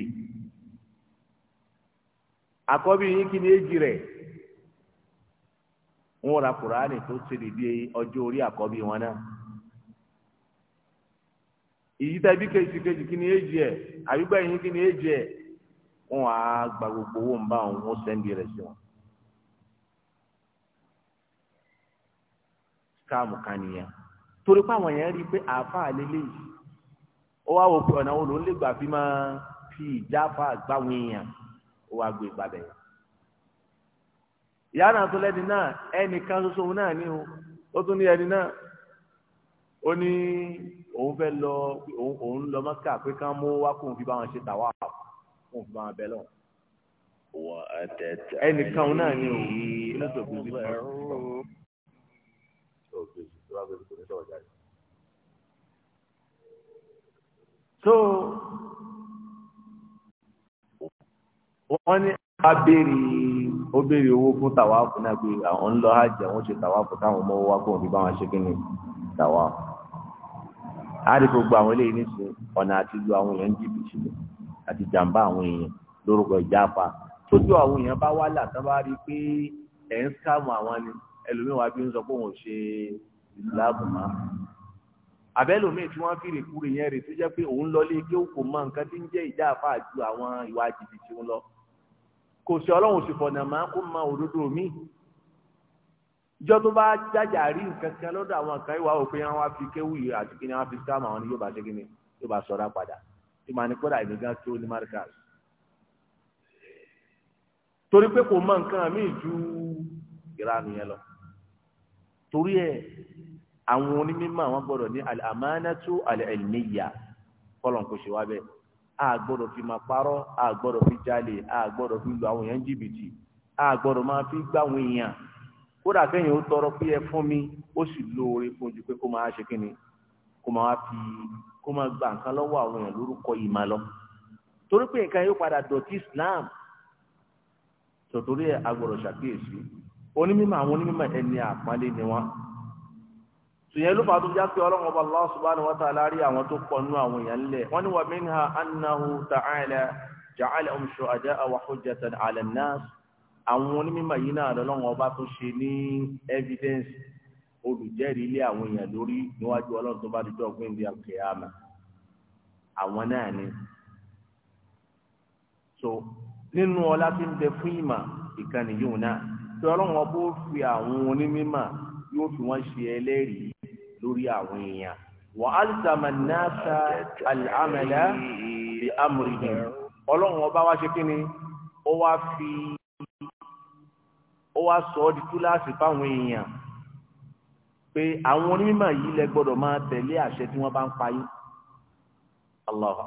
àkọ́bí yín kí ni rẹ̀. ń ra kùránì tó ṣe dédé ọjọ́ orí àkọ́bí wọn náà èyí tẹ kejì kejì kí ni éjì ẹ àbígbà yìí kí ni éjì ẹ wọn á gba gbogbo owó ń bá wọn wọn rẹ̀ sí wọn. àwọn yẹn rí i pé àáfàá lélẹ̀ yìí ó wá wò fi máa fi ó wá gbé e ìyá náà tó lẹ́ni náà ẹnìkan ṣoṣo òun náà ní o ó tún ní ẹni náà ó ní òun fẹ́ lọ òun lọ mọ́kà pé ká mú wá kóun fi bá wọn ṣe tàwa kóun fi bá wọn bẹ lọ. ẹnìkan òun náà ní o inú tó kù so wọ́n ní abéèrè ó béèrè owó fún tàwáàfù náà pé àwọn ń lọ hajj àwọn ṣe tàwáàfù táwọn ọmọ wa kóhùn bí báwọn ṣe kíni tàwáàfù. àárín gbogbo àwọn eléyìí nísìn ọ̀nà àti lu àwọn èèyàn jìbìtì lọ àti jàǹbá àwọn èèyàn lórúkọ ìjápa tójú àwọn èèyàn bá wá là tán bá rí i pé ẹ̀ ń skáàmù àwọn ni ẹlòmíwàá bí ń sọ pé òun ṣe ìsìláàmù máa àbẹ́lòmíì tí wọ́n fi rèkúrè yẹn rè tó jẹ́ pé òun lọ lé kí ó kò mọ nǹkan tí ń jẹ́ ìjà àfa àwọn ìwà jìbìtì ń lọ kò sí ọlọ́run sì fọ̀nà máa kó máa òdodo mi ìjọ tó bá jájà rí nǹkan kan lọ́dọ̀ àwọn kan ìwà òpin àwọn wa fi kéwù àti kí ni wọ́n fi sáàmù àwọn ni yóò bá ṣe kí ni yóò bá sọ̀rọ̀ padà tí màá ní kódà ìmí gan tó ní markaz torí pé kò mọ nǹkan míì ju ìranù yẹn lọ torí ẹ àwọn onímọ̀ àwọn gbọ́dọ̀ ní al-amanatu al-ilmiyya kọ́lọ̀ kò ṣe wá bẹ́ẹ̀. a gbọ́dọ̀ fi máa parọ́ a gbọ́dọ̀ fi jalè a gbọ́dọ̀ fi lu àwọn èèyàn jìbìtì a máa fi gbá àwọn èèyàn kódà kẹ́yìn ó tọrọ pé ẹ fún mi ó sì lóore fún pé kó máa ṣe kí ni kó fi kó máa gba nǹkan lọ́wọ́ àwọn èèyàn lórúkọ yìí máa lọ torí pé nǹkan yóò padà dọ̀tí Islam tòtòrí ẹ a ṣàkíyèsí onímọ̀ àwọn ẹni ni sùnyẹn ló fà tó ọlọ́run ọba Allah subhanahu wa ta'ala rí àwọn tó pọ̀ àwọn èèyàn lẹ̀ wọ́n ní wa minha annahu ta'ala ja'alahum shuhada'a wa hujjatan 'ala an-nas àwọn onímọ̀ yìí náà lọ́lọ́run ọba tó ṣe ní evidence olùjẹ́rìí lé àwọn èèyàn lórí níwájú ọlọ́run tó bá di jọ́ ọ̀gbìn bíi àwọn náà ni. so nínú ọlá tí lórí àwọn èèyàn wà á zàmà náà sa àmàlà bí amúrìdì ọlọ́run ọba wá ṣe kí ni ó wá fi ó wá sọ ọ́ di túláàsì fáwọn èèyàn pé àwọn onímọ̀ yìí lẹ gbọ́dọ̀ máa tẹ̀lé àṣẹ tí wọ́n bá ń pa yín Akbar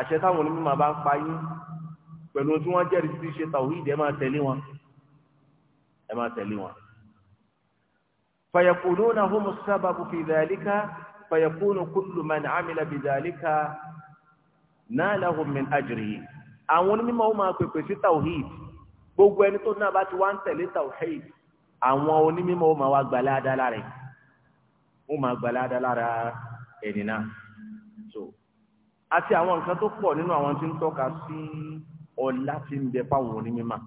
àṣẹ táwọn onímọ̀ bá ń pa pẹ̀lú tí wọ́n jẹ́rìí sí ṣe tàwíìdì ẹ máa tẹ̀lé wọn ẹ máa tẹ̀lé wọn. فيقولون هم السبب في ذلك فيكون كل من عمل بذلك نالهم من أجره àwọn onímọ̀ ó máa pèpè sí tawhid gbogbo ẹni tó náà bá ti wá ń tẹ̀lé tawhid àwọn onímọ̀ ó máa wá gbalada lára ẹ̀ ó máa gbalada lára ẹni náà so àti àwọn nǹkan tó pọ̀ nínú àwọn tí ń tọ́ka sí ọlá tí ń bẹ fáwọn onímọ̀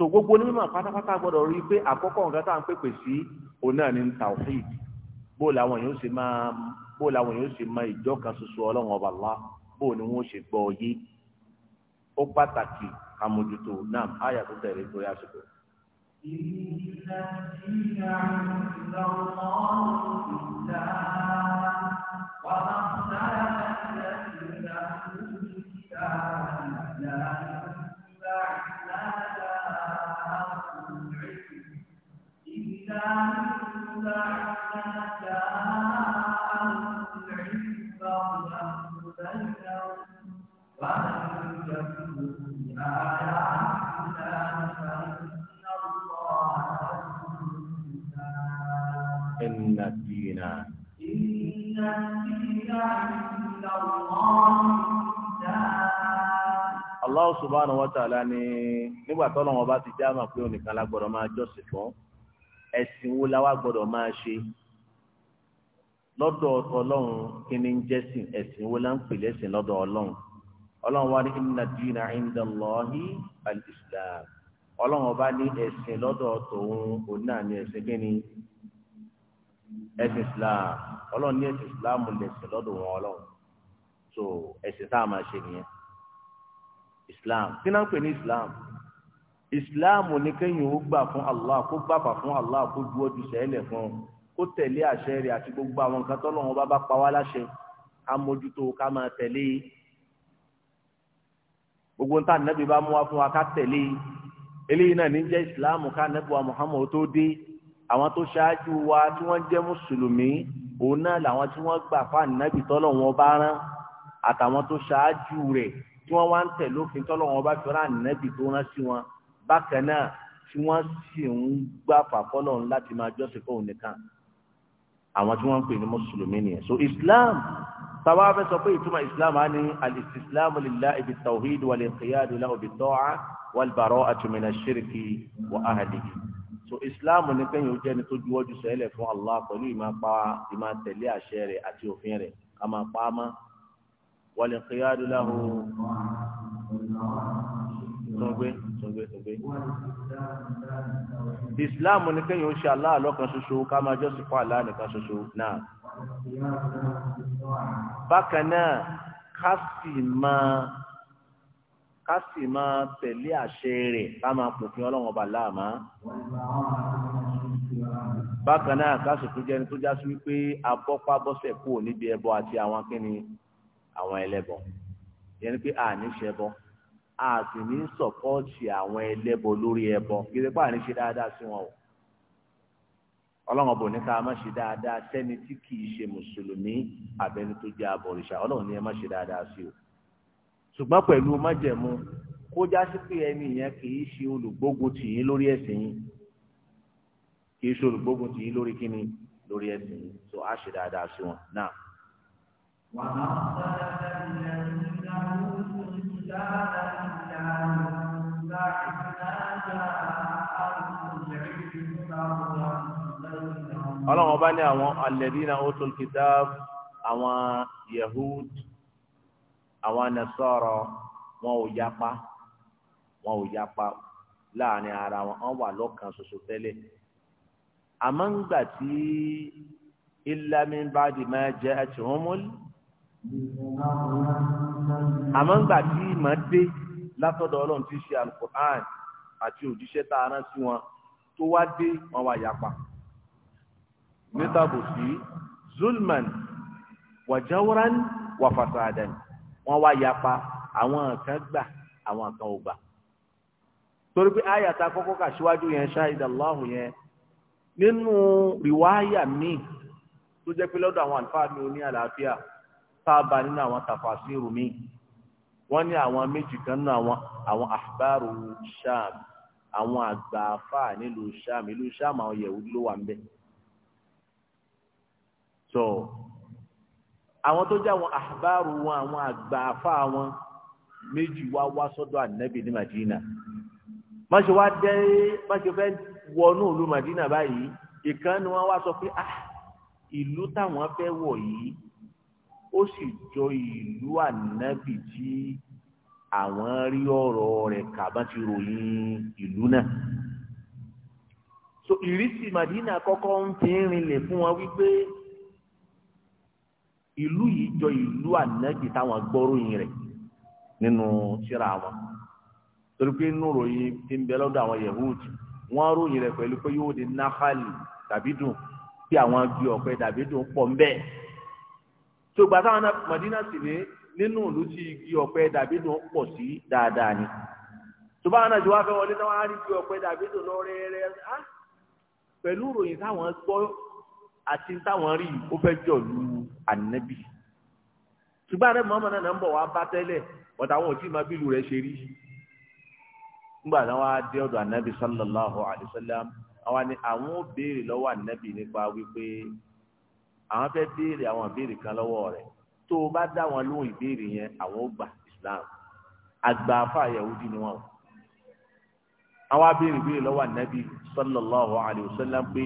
so gbogbo onímọ̀ pátápátá gbọ́dọ̀ rí i pé àkọ́kọ́ nǹkan tá à ń pèpè sí òun náà ní tawhid bó làwọn èèyàn ṣe máa bó làwọn èèyàn ṣe máa ìjọ kan ṣoṣo ọlọ́run ọba Allah bó ni wọ́n ṣe gbọ́ ọ yé ó pàtàkì àmójútó náà àyà tó tẹ̀lé torí àsìkò.
Thank you.
Allah subhanahu wa ta'ala ni nígbà tọ́lọ́ wọn bá ti já mà pé onìkan lágbọ́dọ̀ máa jọ́sìn fún ẹ̀sìn wo la wá gbọ́dọ̀ máa ṣe lọ́dọ̀ ọlọ́run kí ni ń jẹ́sìn ẹ̀sìn wo la ń pè lẹ́sìn lọ́dọ̀ ọlọ́run ọlọ́run wá ní inna dina inda Allahi al-Islam ọlọ́run ọba ní ẹ̀sìn lọ́dọ̀ tòun òun náà ní ẹ̀sìn kí ni ẹ̀sìn Islam ọlọ́run ní ẹ̀sìn Islam lẹ̀sìn lọ́dọ̀ wọn ọlọ́run so ẹ̀sìn tá a máa ṣe nìyẹn Islam kí náà ń pè ní Islam ìsìláàmù ní kéèyàn ó gbà fún allah kó gbàfà fún allah kó ju ojú sẹ́lẹ̀ fún un kó tẹ̀lé àṣẹ rẹ̀ àti gbogbo àwọn nǹkan tọ́lọ́run bá bá pa wá láṣẹ ká mójútó ká máa tẹ̀lé gbogbo ń nẹ́bí bá mú wá fún wa ká tẹ̀lé eléyìí náà ní jẹ́ ìsìláàmù ká nẹ́bí wa muhammadu tó dé àwọn tó ṣáájú wa tí wọ́n jẹ́ mùsùlùmí òun náà làwọn tí wọ́n gbà fún ànábì tọ́lọ́run bá rán àtàwọn tó ṣáájú rẹ̀ tí wọ́n wá ń tẹ̀lé òfin tọ́lọ́run bá fi rán ànábì tó rán sí wọn bákan náà tí wọ́n sì ń gbà fàkọ́lọ̀ láti máa jọ́sìn fóun nìkan àwọn tí wọ́n ń pè ní mùsùlùmí nìyẹn so islam tàwa fẹ́ sọ pé ìtumọ̀ islam á ní al-istislamu lillahi bit-tawhid wal-inqiyadu lahu bit-ta'ah wal-bara'atu min ash-shirki wa ahlihi so islam ní kẹ́yìn ó jẹ́ ní tó juwọ́jú sẹ́lẹ̀ fún allah pẹ̀lú ìmáa pa ìmáa tẹ̀lé àṣẹ rẹ̀ àti òfin rẹ̀ ká máa pa á mọ́ wal sọgbẹ sọgbẹ sọgbẹ. islam ní kéèyàn ó ṣe Allah lọ́kan ṣoṣo ká máa jọ́sìn fún Allah nìkan ṣoṣo náà. bákan náà ká sì máa ká sì máa tẹ̀lé àṣẹ rẹ̀ ká máa pòfin ọlọ́run ọba láàmá. bákan náà ká sì tún jẹni tó já sí wípé abọ́pá bọ́sẹ̀ kúrò níbi ẹbọ àti àwọn kíni àwọn ẹlẹ́bọ yẹn ni pé àní ṣẹbọ a sì ní sọ̀pọ́ọ̀tì àwọn ẹlẹ́bọ lórí ẹbọ gẹ́gẹ́ bá àníṣe dáadáa sí wọn o ọlọ́run ọbọ̀ ní ká má ṣe dáadáa sẹ́ni tí kì í ṣe mùsùlùmí àbẹ́ni tó jẹ́ abọ̀rìṣà ọlọ́run ní ẹ má ṣe dáadáa sí o ṣùgbọ́n pẹ̀lú májẹ̀mú kó já sí pé ẹni yẹn kì í ṣe olùgbógun tì yín lórí ẹ̀sìn yín kì í ṣe olùgbógun tì yín lórí kíni lórí ẹ̀sìn yín tó a ṣe dáadáa sí wọn náà.
wàhálà ń bá ẹni ẹni ọlọ́run ọba ní àwọn
alẹ́dínà otul kitab àwọn yahud àwọn nasara wọn ò yapa wọn ò yapa láàrin ara wọn wọn wà lọ́kàn ṣoṣo tẹ́lẹ̀ àmọ́ ń gbà tí illa min ba'di ma ja'atuhumul àmọ́ ńgbà tí màá dé látọ̀dọ̀ ọlọ́run tí í ṣe alukur'an àti òjíṣẹ́ tá a rán sí wọn tó wá dé wọn wá yapa nítàbùsí zulman wàjáwúrán wàfàsàdàn wọn wá yapa àwọn kan gbà àwọn kan ò gbà torí pé àyàtà kọ́kọ́ kà síwájú yẹn ṣáìdà Allahu yẹn nínú rìwáyà míì tó jẹ́ pé lọ́dọ̀ àwọn àlùfáà mi ò ní àlàáfíà tá a bá nínú àwọn tàfàṣírù mi wọ́n ní àwọn méjì kan nínú àwọn àwọn àbárò sham àwọn àgbà nílùú sham ìlú sham àwọn yẹ̀wù ló wà ń bẹ̀. so àwọn tó jẹ́ àwọn àbárò wọn àwọn àgbà afá wọn méjì wá wá sọ́dọ̀ ànábì ní madina má ṣe wá dé má ṣe fẹ́ wọnú ìlú madina báyìí ìkan ni wá sọ pé ah ìlú táwọn fẹ́ wọ̀ yìí ó sì jọ ìlú ànábì tí àwọn rí ọ̀rọ̀ rẹ̀ kàbá ti ròyìn ìlú náà so ìrísí Madina kọ́kọ́ ń fi rinlẹ̀ fún wọn wípé ìlú yìí jọ ìlú ànábì táwọn gbọ́ròyìn rẹ̀ nínú síra wọn torí pé inú ròyìn ti ń bẹ lọ́dọ̀ àwọn Yehudi wọ́n ròyìn rẹ̀ pẹ̀lú pé yóò di nahali tàbí dùn bí àwọn agi ọ̀pẹ tàbí dùn pọ̀ ń bẹ́ẹ̀ tó gbà táwọn Madina sì ní nínú ìlú tí igi ọ̀pẹ dàbí dùn pọ̀ sí dáadáa ni tó bá wọn náà ti wá fẹ́ wọlé táwọn á rí igi ọ̀pẹ dàbí dùn lọ rẹ́rẹ́ á pẹ̀lú ìròyìn táwọn gbọ́ àti táwọn rí ó fẹ́ jọ lu ànábì ṣùgbọ́n àrẹ mọ́mọ́ náà ń bọ̀ wá bá tẹ́lẹ̀ ọ̀tá àwọn òtí máa bílù rẹ̀ ṣe rí nígbà táwọn á dé ọ̀dọ̀ ànábì sallallahu alayhi wa sallam àwọn ni àwọn ò béèrè lọ́wọ́ ànábì nípa wípé àwọn fẹ́ béèrè àwọn ìbéèrè kan lọ́wọ́ rẹ̀ tó o bá dá wọn lóhùn ìbéèrè yẹn àwọn ò gbà Islam àgbà afa Yahudi ni wọn. àwọn abéèrè béèrè lọ́wọ́ ànábì sallallahu alayhi wa sallam pé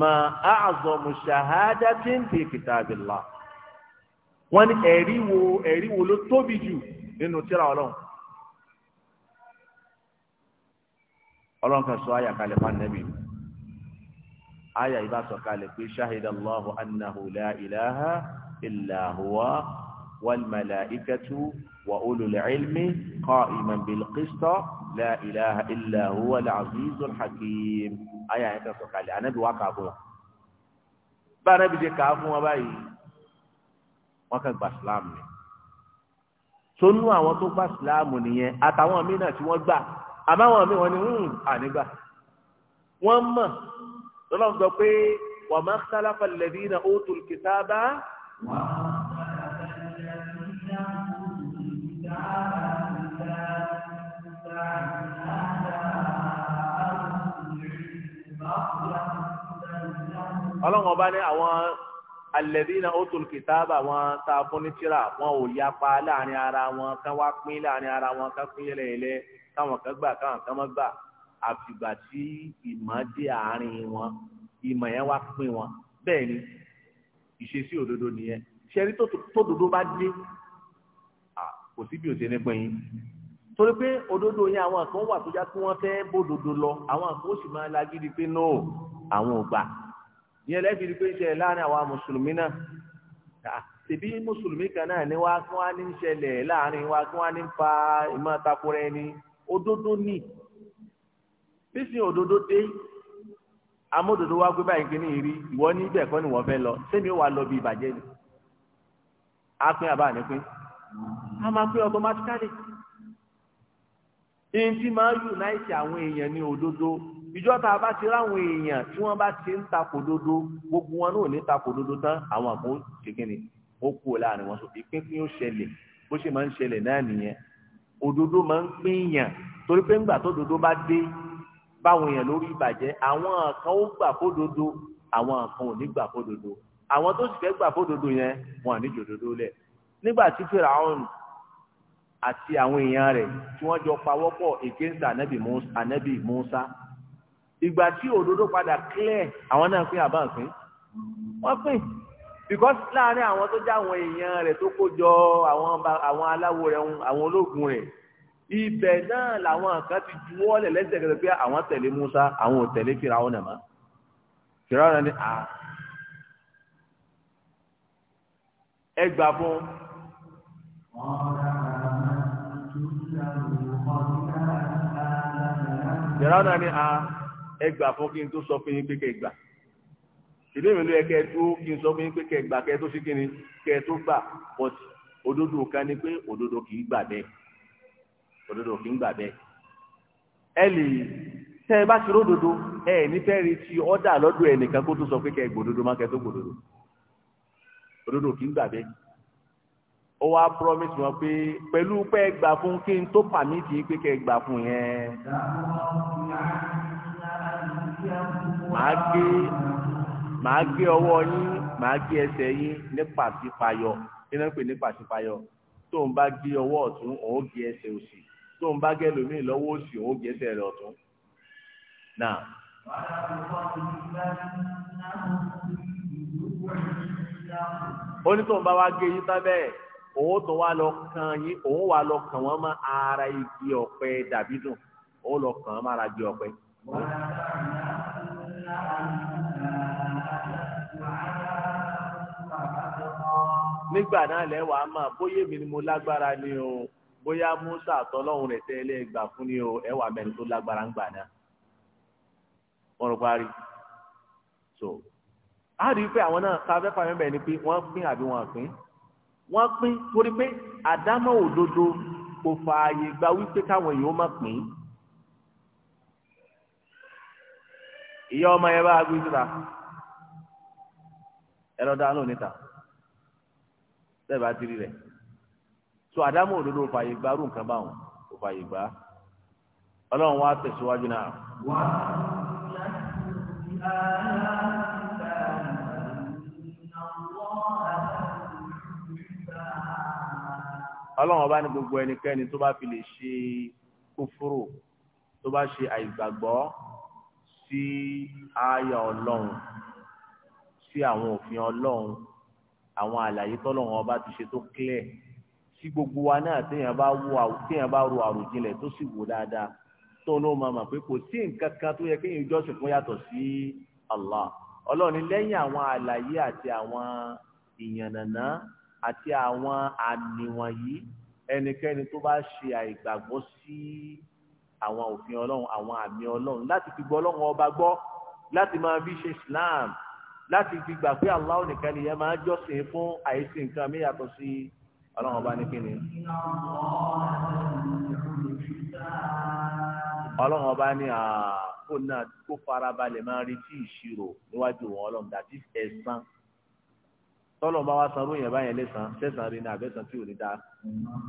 ma a'zamu shahadatin fi kitabillah wọ́n ní ẹ̀rí wo ẹ̀rí wo ló tóbi jù nínú tírà Ọlọ́run. Ọlọ́run kan sọ àyàkálẹ̀ fún ànábì mi àyà ìbá sọ̀kalẹ̀ pé ṣáhìdà allahu annahu la ilaha illa huwa wal malaikatu wa ulul ilmi qa'iman bil qista la ilaha illa huwa al azizul hakim àyà yẹn tẹ sọ̀kalẹ̀ ànábì wá kàá fún wa bá ànábì ṣe kàá fún wa báyìí wọn kàn gba islam ni sonu àwọn tó gba islam nìyẹn àtàwọn míì náà tí wọn gbà àmọ́ àwọn míì wọn ni hmm, ànígbà wọn mọ̀ lọ́nà sọ pé wa ma ikhtalafa alladhina utul kitaba. ọlọ́run ọba ní àwọn alladhina utul kitaba àwọn tá a fún ní tíra wọn ò yapa láàrin ara wọn kán wá pín láàrin ara wọn kán pín yẹlẹyẹlẹ káwọn kan gbà káwọn kan má gbà àfìgbà tí ìmọ̀ dé àárín wọn ìmọ̀ yẹn wá pín wọn bẹ́ẹ̀ ni ìṣesí òdodo nìyẹn ṣẹ́rí tódodo bá dé kò sí bí òṣèlú pín in torí pé òdodo yẹn àwọn kan wà tó já kí wọ́n fẹ́ bódodo lọ àwọn kan ó sì máa lágídí pé no àwọn ò gbà ìyẹn lẹ́bi pé ń ṣẹlẹ̀ láàrin àwa mùsùlùmí náà tèbí mùsùlùmí kan náà ni wá kí wọ́n ní ń ṣẹlẹ̀ láàrin wa kí wọ́n á ní ń fa ìmọ̀ takora ẹni òdodo ni sísìn òdodo dé amódodo wa gbé báyìí kíní rí ìwọ ní ibẹ̀ kọ́ ni wọ́n fẹ́ lọ sẹ́mi wà lọ bí ìbàjẹ́ ni a pín àbá ní pín a máa pín automatically ìyẹn tí máa unite àwọn èèyàn ní òdodo ìjọ tá a bá ti ráwọn èèyàn tí wọ́n bá ti ń takò dodo gbogbo wọn náà ní takò dodo tán àwọn àpò kékeré ó kú láàrin wọn sókè pínpín ó ṣẹlẹ̀ bó ṣe máa ń ṣẹlẹ̀ náà nìyẹn òdodo máa ń pín yàn torí pé ńgbà tó dodo bá dé báwọn èèyàn lórí ìbàjẹ́ àwọn kan ó gbà fódodo àwọn kan ò ní gbà fódodo àwọn tó sì fẹ́ gbà fódodo yẹn wọn à ní jòdodo lẹ̀ nígbà tí Fíráùn àti àwọn èèyàn rẹ̀ tí wọ́n jọ pawọ́pọ̀ against anabi Musa ìgbà tí òdodo padà clear àwọn náà pín àbá nǹkan wọ́n pín because láàárín àwọn tó jẹ́ àwọn èèyàn rẹ̀ tó kó jọ àwọn aláwo rẹ̀ àwọn ológun rẹ̀ ibẹ̀ náà làwọn kan ti juwọ́ lẹ̀ lẹ́sẹ̀kẹsẹ̀ pé àwọn tẹ̀lé Musa àwọn ò tẹ̀lé Firaun náà mọ́ Firaun náà ni a ẹ gbà fún. Firaun náà ni a ẹ gbà fún kí n tó sọ fún yín pé kẹ́ gbà ìdí mi ló yẹ kẹ́ tó kí n sọ fún yín pé kẹ́ gbà kẹ́ tó sí kí ni kẹ́ tó gbà pọ̀ sí òdodo kan ni pé òdodo kì í gbà bẹ́ẹ̀ òdodo òfin gbà bẹ́ẹ̀ ẹ lè tẹ ẹ bá ti ródodo ẹ ní fẹ́ rí ti ọ́dà lọ́dọ̀ ẹnìkan kó tó sọ pé kẹ ẹ gbòdodo má kẹ tó gbòdodo òdodo òfin gbà bẹ́ẹ̀ ó wá promise wọn pé pẹ̀lú pé ẹ gbà fún kí n tó pàmìtì pé kẹ gbà fún yẹn. màá gé màá gé ọwọ́ yín màá gé ẹsẹ̀ yín ní pàṣípàyọ̀ kí pè ní pàṣípàyọ̀ tó ń bá gé ọwọ́ ọ̀tún òun gé ẹsẹ̀ òsì tó ń bá gẹ́ lómi lọ́wọ́ òsì òun gẹ́sẹ̀ rẹ̀ ọ̀tún. náà. ó ní tó ń bá wá gé yín sábẹ́ òun tó wá lọ kàn yín òun wá lọ kàn wọ́n mọ́ ara igi ọ̀pẹ dàbí dùn òun lọ kàn wọ́n mọ́ ara igi ọ̀pẹ. nígbà náà lẹ́wàá máa bóyá èmi ni mo lágbára ni o bóyá Musa àtọ́lọ́hún rẹ̀ tẹ́lẹ̀ gbà fún ni o ẹ̀wà mẹ́rin tó lágbára ń gbà náà wọ́n rò parí so a rí i pé àwọn náà ta fẹ́ fàmí bẹ́ẹ̀ ni pé wọ́n pín àbí wọ́n pín wọ́n pín torí pé àdámọ́ òdodo kò fààyè gba wípé káwọn èèyàn má pín ìyá ọmọ yẹn bá a gbé síta ẹ lọ dáná níta bẹ́ẹ̀ bá ti rí rẹ̀ so àdámọ̀ òdodo fàyè gbà rú nǹkan báwọn kò fàyè gbà ọlọ́run wa tẹ̀síwájú náà.
wà á ń yá
ara ọlọ́run ọba ní gbogbo ẹnikẹ́ni tó bá fi lè ṣe kúfúrò tó bá ṣe àìgbàgbọ́ sí àyà ọlọ́run sí àwọn òfin ọlọ́run àwọn àlàyé tọ́lọ́run ọba ti ṣe tó clear tí gbogbo wa náà téèyàn bá wo téèyàn bá ro àròjinlẹ̀ tó sì wò dáadáa tó ló pé kò sí nǹkan kan tó yẹ kéèyàn jọ́sìn fún yàtọ̀ sí Allah ọlọ́run ní lẹ́yìn àwọn àlàyé àti àwọn ìyànnàná àti àwọn àmì wọ̀nyí ẹnikẹ́ni tó bá ṣe àìgbàgbọ́ sí àwọn òfin ọlọ́run àwọn àmì ọlọ́run láti fi gbọ́ ọlọ́run ọba gbọ́ láti máa fi ṣe Islam láti fi gbà pé Allah nìkan nìyẹn máa jọ́sìn fún àìsí nǹkan mi yàtọ̀ sí i ọlọ́run ọba ní kíni ọlọ́run ọba ní kó náà kó farabalẹ̀ máa retí ìṣirò níwájú wọn ọlọ́run dàtí ẹ̀san tọ́lọ̀ bá wá san owó yẹn báyẹn lẹ́sàn sẹ́sàn rí ni àbẹ́sàn tí ò ní dáa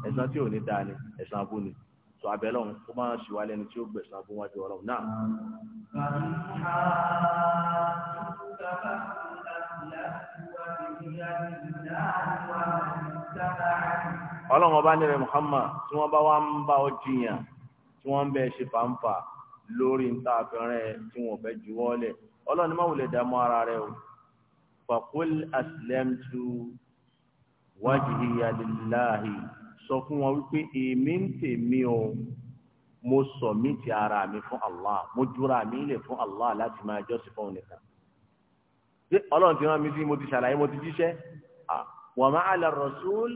ẹ̀san tí ò ní dáa ni ẹ̀san abú ni sọ abẹ́lọ́run kó máa ṣì wá lẹ́nu tí ó gbẹ̀san abú wájú ọlọ́run náà.
Thank you ọlọ́run ọba
nílẹ̀ Muhammad tí wọ́n bá wá ń bá ọ jiyàn tí wọ́n ń bẹ ṣe fàǹfà lórí nta àfẹ́rẹ́ tí wọ́n fẹ́ juwọ́ lẹ̀ ọlọ́run má wulẹ̀ dààmú ara rẹ o faqul aslamtu wajhiya lillahi sọ fún wọn wípé èmi ń tèmi o mo sọ mí ti ara mi fún Allah mo jura mi lẹ̀ fún Allah láti máa jọ́sìn fún òun nìkan ọlọ́run ti rán mi sí mo ti ṣàlàyé mo ti jíṣẹ́ wàmà àlà rọ̀ṣúl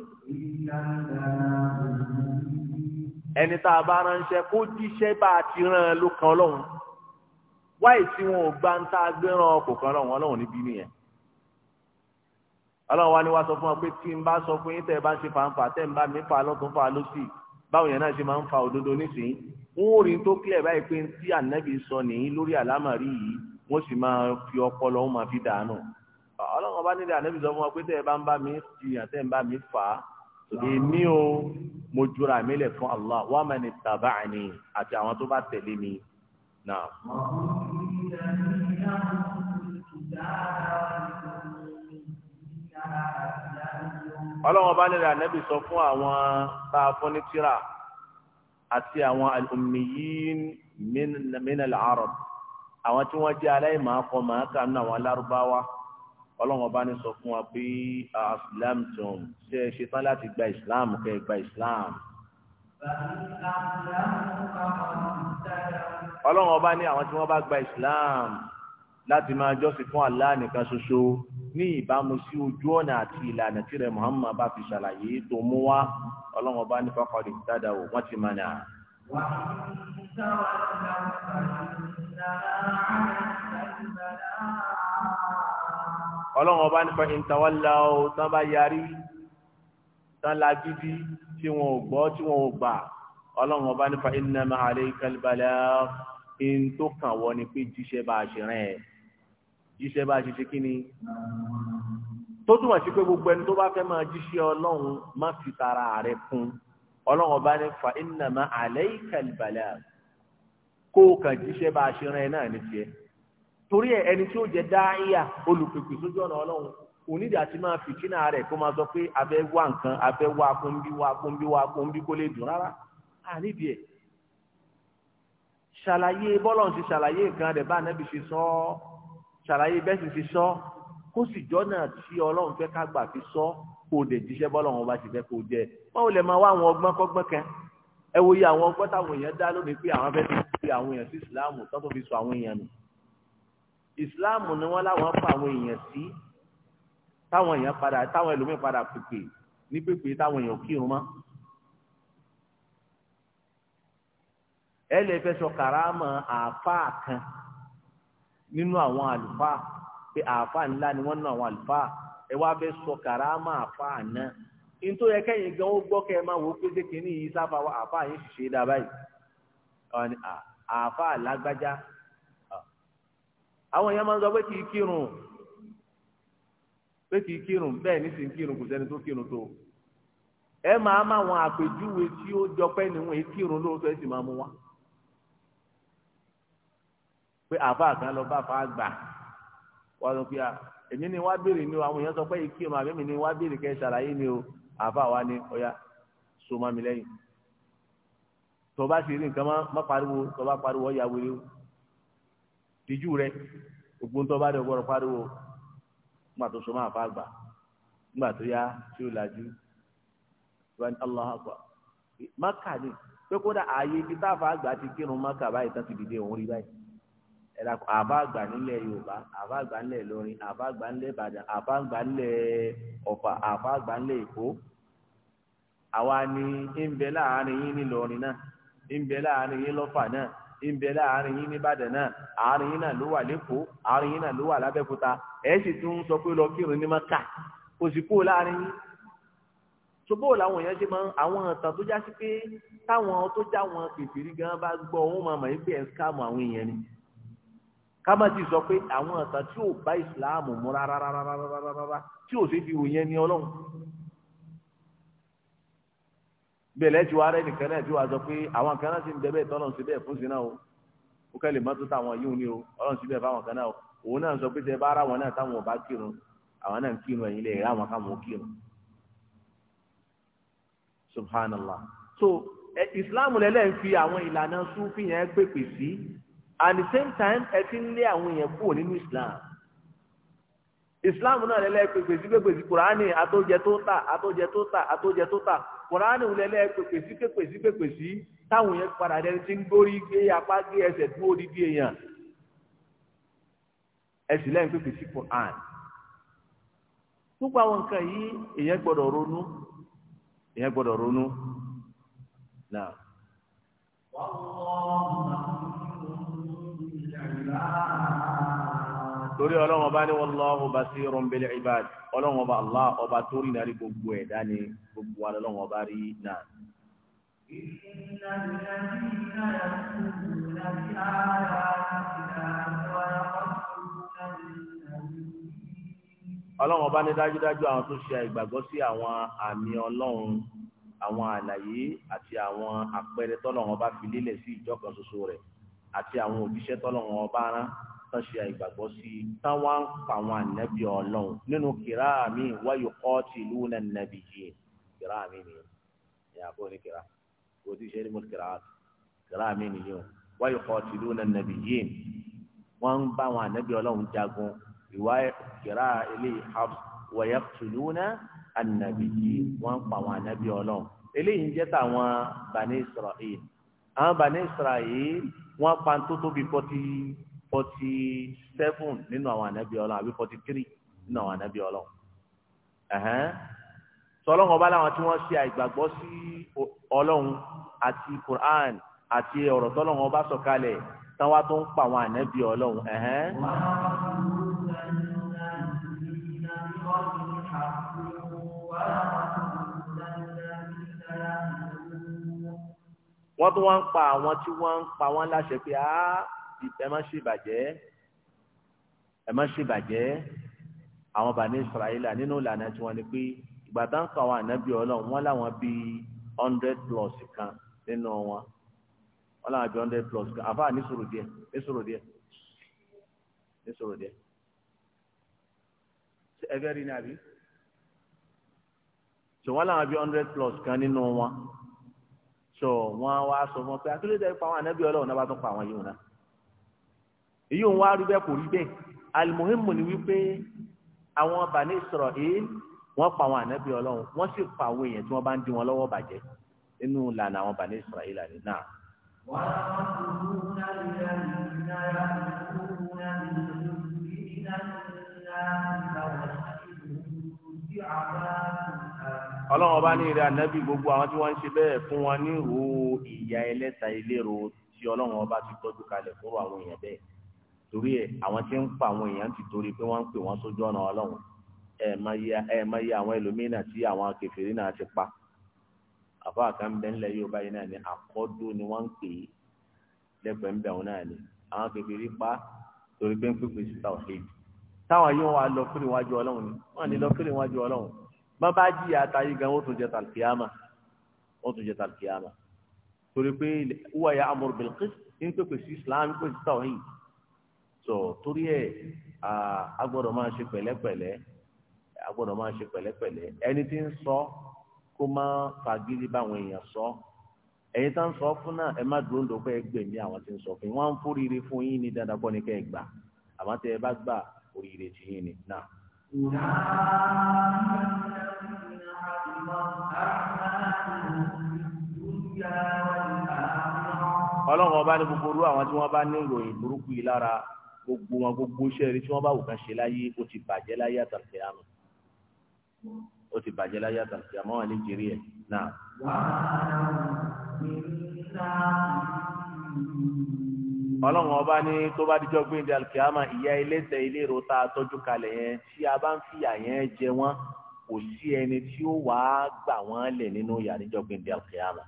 ẹni tá a bá ránṣẹ́ kó jíṣẹ́ bá a ti rán an ló kan ọlọ́run wáyé tí wọn ò gbá ń tá a gbé ràn ọkọ kan ọlọ́run ọlọ́run níbí nìyẹn ọlọ́run wa ni wá sọ fún wa pé tí n bá sọ fún yín tẹ́ ẹ bá ń ṣe fàǹfà tẹ́ ń bá mi fà lọ́tún fà lọ́sì báwọn yẹn náà ṣe máa ń fa òdodo nísìnyí wọn ò rí tó kílẹ̀ báyìí pé tí ànábì sọ nìyí lórí àlámàrí yìí wọ́n sì máa fi ọpọlọ wọn máa fi dànù fà ọlọ́run ọba nílẹ̀ ànábì sọ fún wa pé tẹ́ ẹ bá ń bá mi jiyàn tẹ́ ẹ ń bá mi fà á èmi o mo jura mi lẹ̀ fún Allah wa man ittaba'ani àti àwọn tó bá tẹ̀lé mi náà. ọlọ́run ọba nílẹ̀ ànábì sọ fún àwọn tá a fún ní tíra àti àwọn al-ummiyin min àwọn tí wọ́n jẹ́ aláìmọ̀ akọ màákà nínú àwọn alárúbáwá ọlọ́run ọba ní sọ fún wa pé islam tún ṣe é ṣe tán láti gba islam kẹ́ gba islam. ọlọ́run ọba ní àwọn tí wọ́n bá gba islam láti máa jọ́sìn fún Allah nìkan ṣoṣo ní ìbámu sí ojú ọ̀nà àti ìlànà tí rẹ̀ Muhammad bá fi ṣàlàyé tó mú wá ọlọ́run ọba ní faqad ihtadaw wọ́n ti mọ̀ náà.
وإن تولوا فإنما عليك البلاء
ọlọ́run ọba nípa ìtawọ́lá o tán bá yarí tán la gidi tí wọn ò gbọ́ tí wọn ò gbà ọlọ́run ọba nípa innama alayka al-balagh in tó kàn wọ́n ni pé jíṣẹ́ bá a ṣe rìn ẹ̀ jíṣẹ́ bá a ṣe ṣe kí ni tó túmọ̀ sí pé gbogbo ẹni tó bá fẹ́ máa jíṣẹ́ ọlọ́run má fi tara rẹ̀ kún un ọlọ́run ọba ní fa innama alayka al-balagh kó o kàn jíṣẹ́ bá a ṣe rán ẹ náà ní tiẹ̀ torí ẹ ẹni tí ó jẹ dáhìá olùpèpè sójú ọ̀nà ọlọ́run onídìí àti máa fìtínà rẹ̀ kó máa sọ pé abẹ́ wá nǹkan abẹ́ wá kóńbí wá kóńbí wá kóńbí kó lè dùn rárá àníbi ẹ̀ ṣàlàyé bọ́lọ̀ ti ṣàlàyé nǹkan rẹ̀ bá anábì ṣe sọ ṣàlàyé bẹ́ẹ̀ sì ṣe sọ kó sì jọ́nà tí ọlọ́run fẹ́ ká gbà fi sọ kó o dẹ̀ jíṣẹ́ bọ́lọ̀ wọn bá ti fẹ́ kó o jẹ báwo lè máa wá àwọn ọgbọ́n kọ́gbọ́n kan ẹ wo iye àwọn ọgbọ́n táwọn èèyàn dá lónìí pé àwọn fẹ́ẹ́ fi àwọn èèyàn sí ìsìláàmù tó tó fi sọ àwọn èèyàn nù ìsìláàmù ni wọ́n láwọn fa àwọn èèyàn sí táwọn èèyàn padà táwọn ẹlòmíín padà pèpè ní pèpè táwọn èèyàn kírun mọ́ ẹ lè fẹ́ sọ kàrámà àáfàá kan nínú àwọn àlùfáà pé àáfàá ńlá ni wọ́n nínú àwọn àlùfáà ẹ wá fẹ́ sọ kàrámà àfa àná nítorí yẹ kẹ́yìn gan ó gbọ́ kẹ́ ẹ máa wò ó pé ṣé kìíní yìí sáfà wá àfa yìí ṣiṣẹ́ dá báyìí àfa lágbájá àwọn èèyàn máa ń sọ pé kì í kírun pé kì í kírun bẹ́ẹ̀ ní sì ń kírun kò sẹ́ni tó kírun tó ẹ máa má wọn àpèjúwe tí ó jọ pé níwọ̀n èyí kírun lóòótọ́ ẹ sì máa mú wá pé àfa kan lọ bá fa gbà wọ́n sọ pé èmi ni wá béèrè ni o àwọn èèyàn sọ pé ìkírun àbí mi ni wá béèrè kẹ́ ṣàlàyé ni o àbá wa ni ọ̀yà so mọ́ mi lẹ́yìn tó bá ṣe rí nǹkan má pariwo tó bá pariwo ọ̀yà wéré o ìjú rẹ ògbón tó bá rẹ ọgbọ́n pariwo nígbà tó so máa fa àgbà nígbà tó yá tí ó lajú wani allah akwa maka ni pé kódà ààyè ibi táàfà àgbà ti kírun maka báyìí tán ti dìde òun rí báyìí ẹ̀dàkọ̀ àbá àgbà nílẹ̀ Yorùbá àbá àgbà nílẹ̀ Ìlọrin àbá àgbà nílẹ̀ Ìbàdàn àbá àgbà nílẹ̀ Ọ̀fà àbá àgbà nílẹ̀ Èkó àwa ni ń bẹ láàárín yín ní Ìlọrin náà ń bẹ láàárín yín lọ́fà náà ń bẹ láàárín yín ní Ìbàdàn náà àárín yín náà ló wà lẹ́kọ̀ọ́ àárín yín náà ló wà lábẹ́kúta ẹ̀ sì tún sọ pé lọ kírun ní Mọ́kà kò sì kúrò láàárín yín ṣùgbọ́n làwọn èèyàn ṣe máa àwọn ọ̀tàn tó já sí pé táwọn tó já wọn kìfìrí gan bá gbọ́ wọn máa mọ̀ ẹ́ pé ẹ̀ ń skáàmù àwọn èèyàn ni kámá ti sọ pé àwọn nǹkan tí ò bá ìsìláàmù mu rárárárárárá tí ò sì fi wò yẹn ní ọlọ́run bẹ̀lẹ̀ tí wàá rẹ̀ nìkan náà tí wàá sọ pé àwọn kan náà ti ń bẹ tọ́lọ̀ sí bẹ́ẹ̀ fún sí o ó kẹ́ lè má tó táwọn ní o ọlọ́run sí bẹ́ẹ̀ fáwọn kan náà o òun náà sọ pé tẹ bá ara wọn náà táwọn ò kírun àwọn náà ń kírun ẹ̀yìn lè rí àwọn kan mọ̀ kírun subhanallah so islam lẹ́lẹ́ ń fi àwọn ìlànà súnfì yẹn pèpè sí at the same time ẹ lé àwọn èèyàn kúrò islam islam náà lẹ́lẹ́ pèpè sí pèpè sí kùránì àtòjẹ tó tà àtòjẹ tó tà àtòjẹ tó tà kùránì lẹ́lẹ́ pèpè sí pèpè sí pèpè sí táwọn èèyàn padà dẹni tí ń gbórí gbé apá gbé ẹsẹ̀ dúró dídí èèyàn ẹsìn lẹ́yìn pèpè sí kùránì àwọn nǹkan yìí èèyàn torí ọlọ́run ọba ní wallahu basirun bil ibad ọlọ́run ọba allah ọba tó rí nàrí gbogbo ẹ̀ dání gbogbo wa lọ́run ọba rí náà. ọlọ́run ọba ní dájúdájú àwọn tó ṣe àìgbàgbọ́ sí àwọn àmì ọlọ́run àwọn àlàyé àti àwọn àpẹẹrẹ tọ́lọ́run ọba fi lélẹ̀ sí ìjọ kan ṣoṣo rẹ̀ àti àwọn òjíṣẹ́ tọ́lọ́run ọba rán tán ṣe àìgbàgbọ́ sí i tán wá ń pa àwọn ànábì ọlọ́run nínú kìrá mi wa yuqatiluna an-nabiyyin kìrá mi nìyẹn ìyá àbúrò ní kìrá kò tí ì ṣe ní mo kìrá kìrá mi nìyẹn wa yuqatiluna an-nabiyyin wọ́n ń bá àwọn ànábì ọlọ́run jagun ìwà kìrá ilé Hafs wa yaqtuluna an-nabiyyin wọ́n ń pa àwọn ànábì ọlọ́run eléyìí ń jẹ́ tàwọn Bani Isra'il àwọn Bani Isra'il wọ́n pa tó tóbi forty forty seven nínú àwọn ànábì Ọlọ́run àbí forty three nínú àwọn ànábì Ọlọ́run sọlọ́ngọ̀ bá láwọn tí wọ́n ṣe àìgbàgbọ́ sí Ọlọ́run àti Quran àti ọ̀rọ̀ tọ́lọ́ngọ̀ bá sọ̀kalẹ̀ táwa tó ń pa àwọn ànábì Ọlọ́run. Wàhálà wọ́n tún wá ń pa àwọn tí wọ́n ń pa wọ́n láṣẹ pé á ẹ má ṣe bàjẹ́ ẹ má ṣe bàjẹ́ àwọn bàní Israẹli nínú ìlànà tí wọ́n ní pé ìgbà tá ń kọ àwọn ànábì Ọlọ́run wọ́n láwọn bíi hundred plus kan nínú wọn wọ́n láwọn bíi hundred plus kan àfa nísòro díẹ̀ nísòro díẹ̀ nísòro díẹ̀ ẹgbẹ́ rí ni àbí tí wọ́n láwọn bíi hundred plus kan nínú wọn sọ wọn wá sọ wọn pé akílẹ̀ tẹ́ pa àwọn anábì ọlọ́run náà bá tún pa àwọn yìí wọn náà èyí òun wá rí bẹ́ẹ̀ kò rí bẹ́ẹ̀ alimohimu ni wípé àwọn bani Israel wọ́n pa àwọn anábì ọlọ́run wọ́n sì pa àwọn èèyàn tí wọ́n bá ń di wọn lọ́wọ́ bàjẹ́ nínú ìlànà àwọn bani Israel àní náà.
wàá kúrú náà ní ìlànà kúrú náà ní ìlú ìlànà ìlànà ìlànà ìlú ìlú ọlọ́run ọba ní
ìrẹ́ ànábì gbogbo àwọn tí wọ́n ń ṣe bẹ́ẹ̀ fún wọn ní ìhò ìyà ẹlẹ́ta ìlérò tí ọlọ́run ọba ti tọ́jú kalẹ̀ fún àwọn èèyàn bẹ́ẹ̀ torí ẹ̀ àwọn tí ń pa àwọn èèyàn ti torí pé wọ́n ń pè wọ́n sójú ọ̀nà ọlọ́run ẹ̀ máa yẹ àwọn ẹlòmíràn tí àwọn kèfèrí náà ti pa àbá kan bẹ yóò báyìí náà ni àkọ́dún ni wọ́n ń pè é lẹ́gbẹ̀ẹ́ ń bẹ̀ wọn náà ni àwọn kékeré pa torí ni wọ́n ní lọ bá bá jìyà gan wọ́n jẹ jẹ torí pé wúwa ya amúrú bìlkì ní pépè sí islam pé tàwọn torí ẹ a máa ṣe a máa ṣe pẹ̀lẹ́pẹ̀lẹ́ ẹni tí ń sọ kó má fagídí báwọn èèyàn sọ ẹ̀yin tá ń sọ fún náà ẹ má dúró ni ẹ gbà ẹ bá ni náà.
ọlọ́run
ọba ní gbogbo orú àwọn tí wọ́n bá ní ìròyìn burúkú yìí lára gbogbo wọn gbogbo iṣẹ́ rí tí wọ́n bá wù kán ṣe láyé ó ti bàjẹ́ láyé àtàlùfẹ́ àmọ́ ó ti bàjẹ́ láyé àtàlùfẹ́ àmọ́ wọn lè jèrè ẹ̀ náà ọlọ́run ọba ní tó bá dijọ́ gbé ìdí alùkìyàmà ìyá ẹlẹ́ṣẹ̀ eléèrò tá a tọ́jú kalẹ̀ yẹn tí a bá ń fìyà yẹn jẹ wọ́n kò sí ẹni tí ó wàá gbà wọ́n lẹ̀ nínú ìyà níjọ́ gbé ìdí alùkìyàmà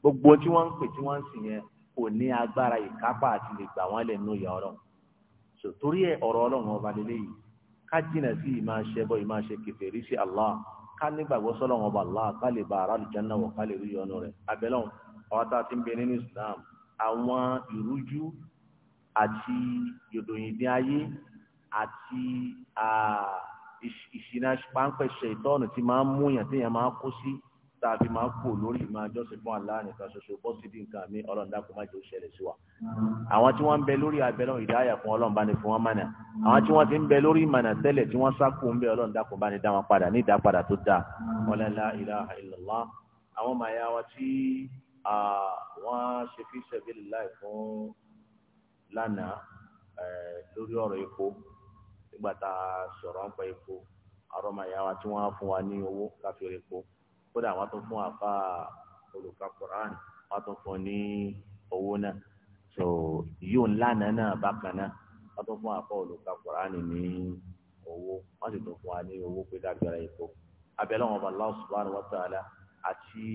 gbogbo tí wọ́n ń pè tí wọ́n ń sìn yẹn kò ní agbára ìkápá àti lè gbà wọ́n lẹ̀ nínú ìyà ọ̀rọ̀ so torí ẹ ọ̀rọ̀ ọlọ́run ọba lélẹ́yìí ká jìnà sí ìmá ṣẹbọ ìmá ṣe kèfèrí sí Allah ká nígbàgbọ́ sọ́lọ́run ọba Allah ká lè ba ará àlùjánnà wọ̀ ká lè rí ìyọ́nú rẹ̀ abẹ́lọ́run ọ̀tá ti ń bẹ nínú Islam àwọn ìrújú àti yòdòyìndín ayé àti ìṣìnà páńpẹ́ ṣẹ̀tọ́ọ̀nù tí máa ń múyàn téèyàn máa ń kó sí tá a fi máa ń kó lórí ìmọ̀ àjọsìn fún Allah ṣoṣo bọ́ síbi nǹkan mi ọlọ́run dákun má jẹ́ ó ṣẹlẹ̀ sí wa. àwọn tí wọ́n ń bẹ lórí abẹ́rẹ́ ìdáyà fún ọlọ́run bá ní fún wọn mànà àwọn tí wọ́n ti ń bẹ lórí ìmọ̀nà tẹ́lẹ̀ tí wọ́n sákò ń bẹ ọlọ́run dákun bá ní dá wọn padà ní ìdápadà tó dáa. ọlọ́lá ilaha illallah àwọn màyà wa tí wọ́n ṣe fi sabilillah lánàá eh, lórí ọ̀rọ̀ epo nígbà tá a sọ̀rọ̀ ń pa epo àwọn ọmọ ìyá wa tí wọ́n á fún wa ní owó káfí epo kódà wọ́n tún fún àfa olùkà Quran wọ́n tún fún ní owó náà so yóò lánàá náà bákan náà wọ́n tún fún àfa olùkà Quran ní owó wọ́n sì tún fún wa ní owó pé ká epo abẹ́lẹ́ wọn bá Allah subhanahu wa ta'ala àti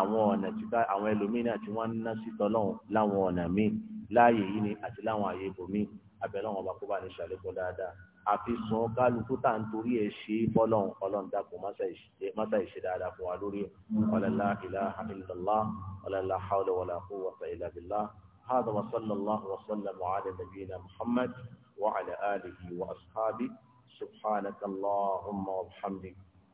àwọn ọ̀nà tí àwọn ẹlòmíràn tí wọ́n ń ná sí tọ́lọ́hún láwọn ọ̀nà míì láàyè yìí ni àti láwọn àyè ibòmíì abẹ́lọ́wọ́n ọba kó bá ní ṣàlékún dáadáa àfi sùn kálukú tá à ń torí ẹ̀ ṣe bọ́lọ́hún ọlọ́run dàpọ̀ mọ́sá ìṣe dáadáa fún wa lórí ọ̀làlá ilaha illallah ọ̀làlá hawla wàlá quwwata illa billah hàdà wa sallallahu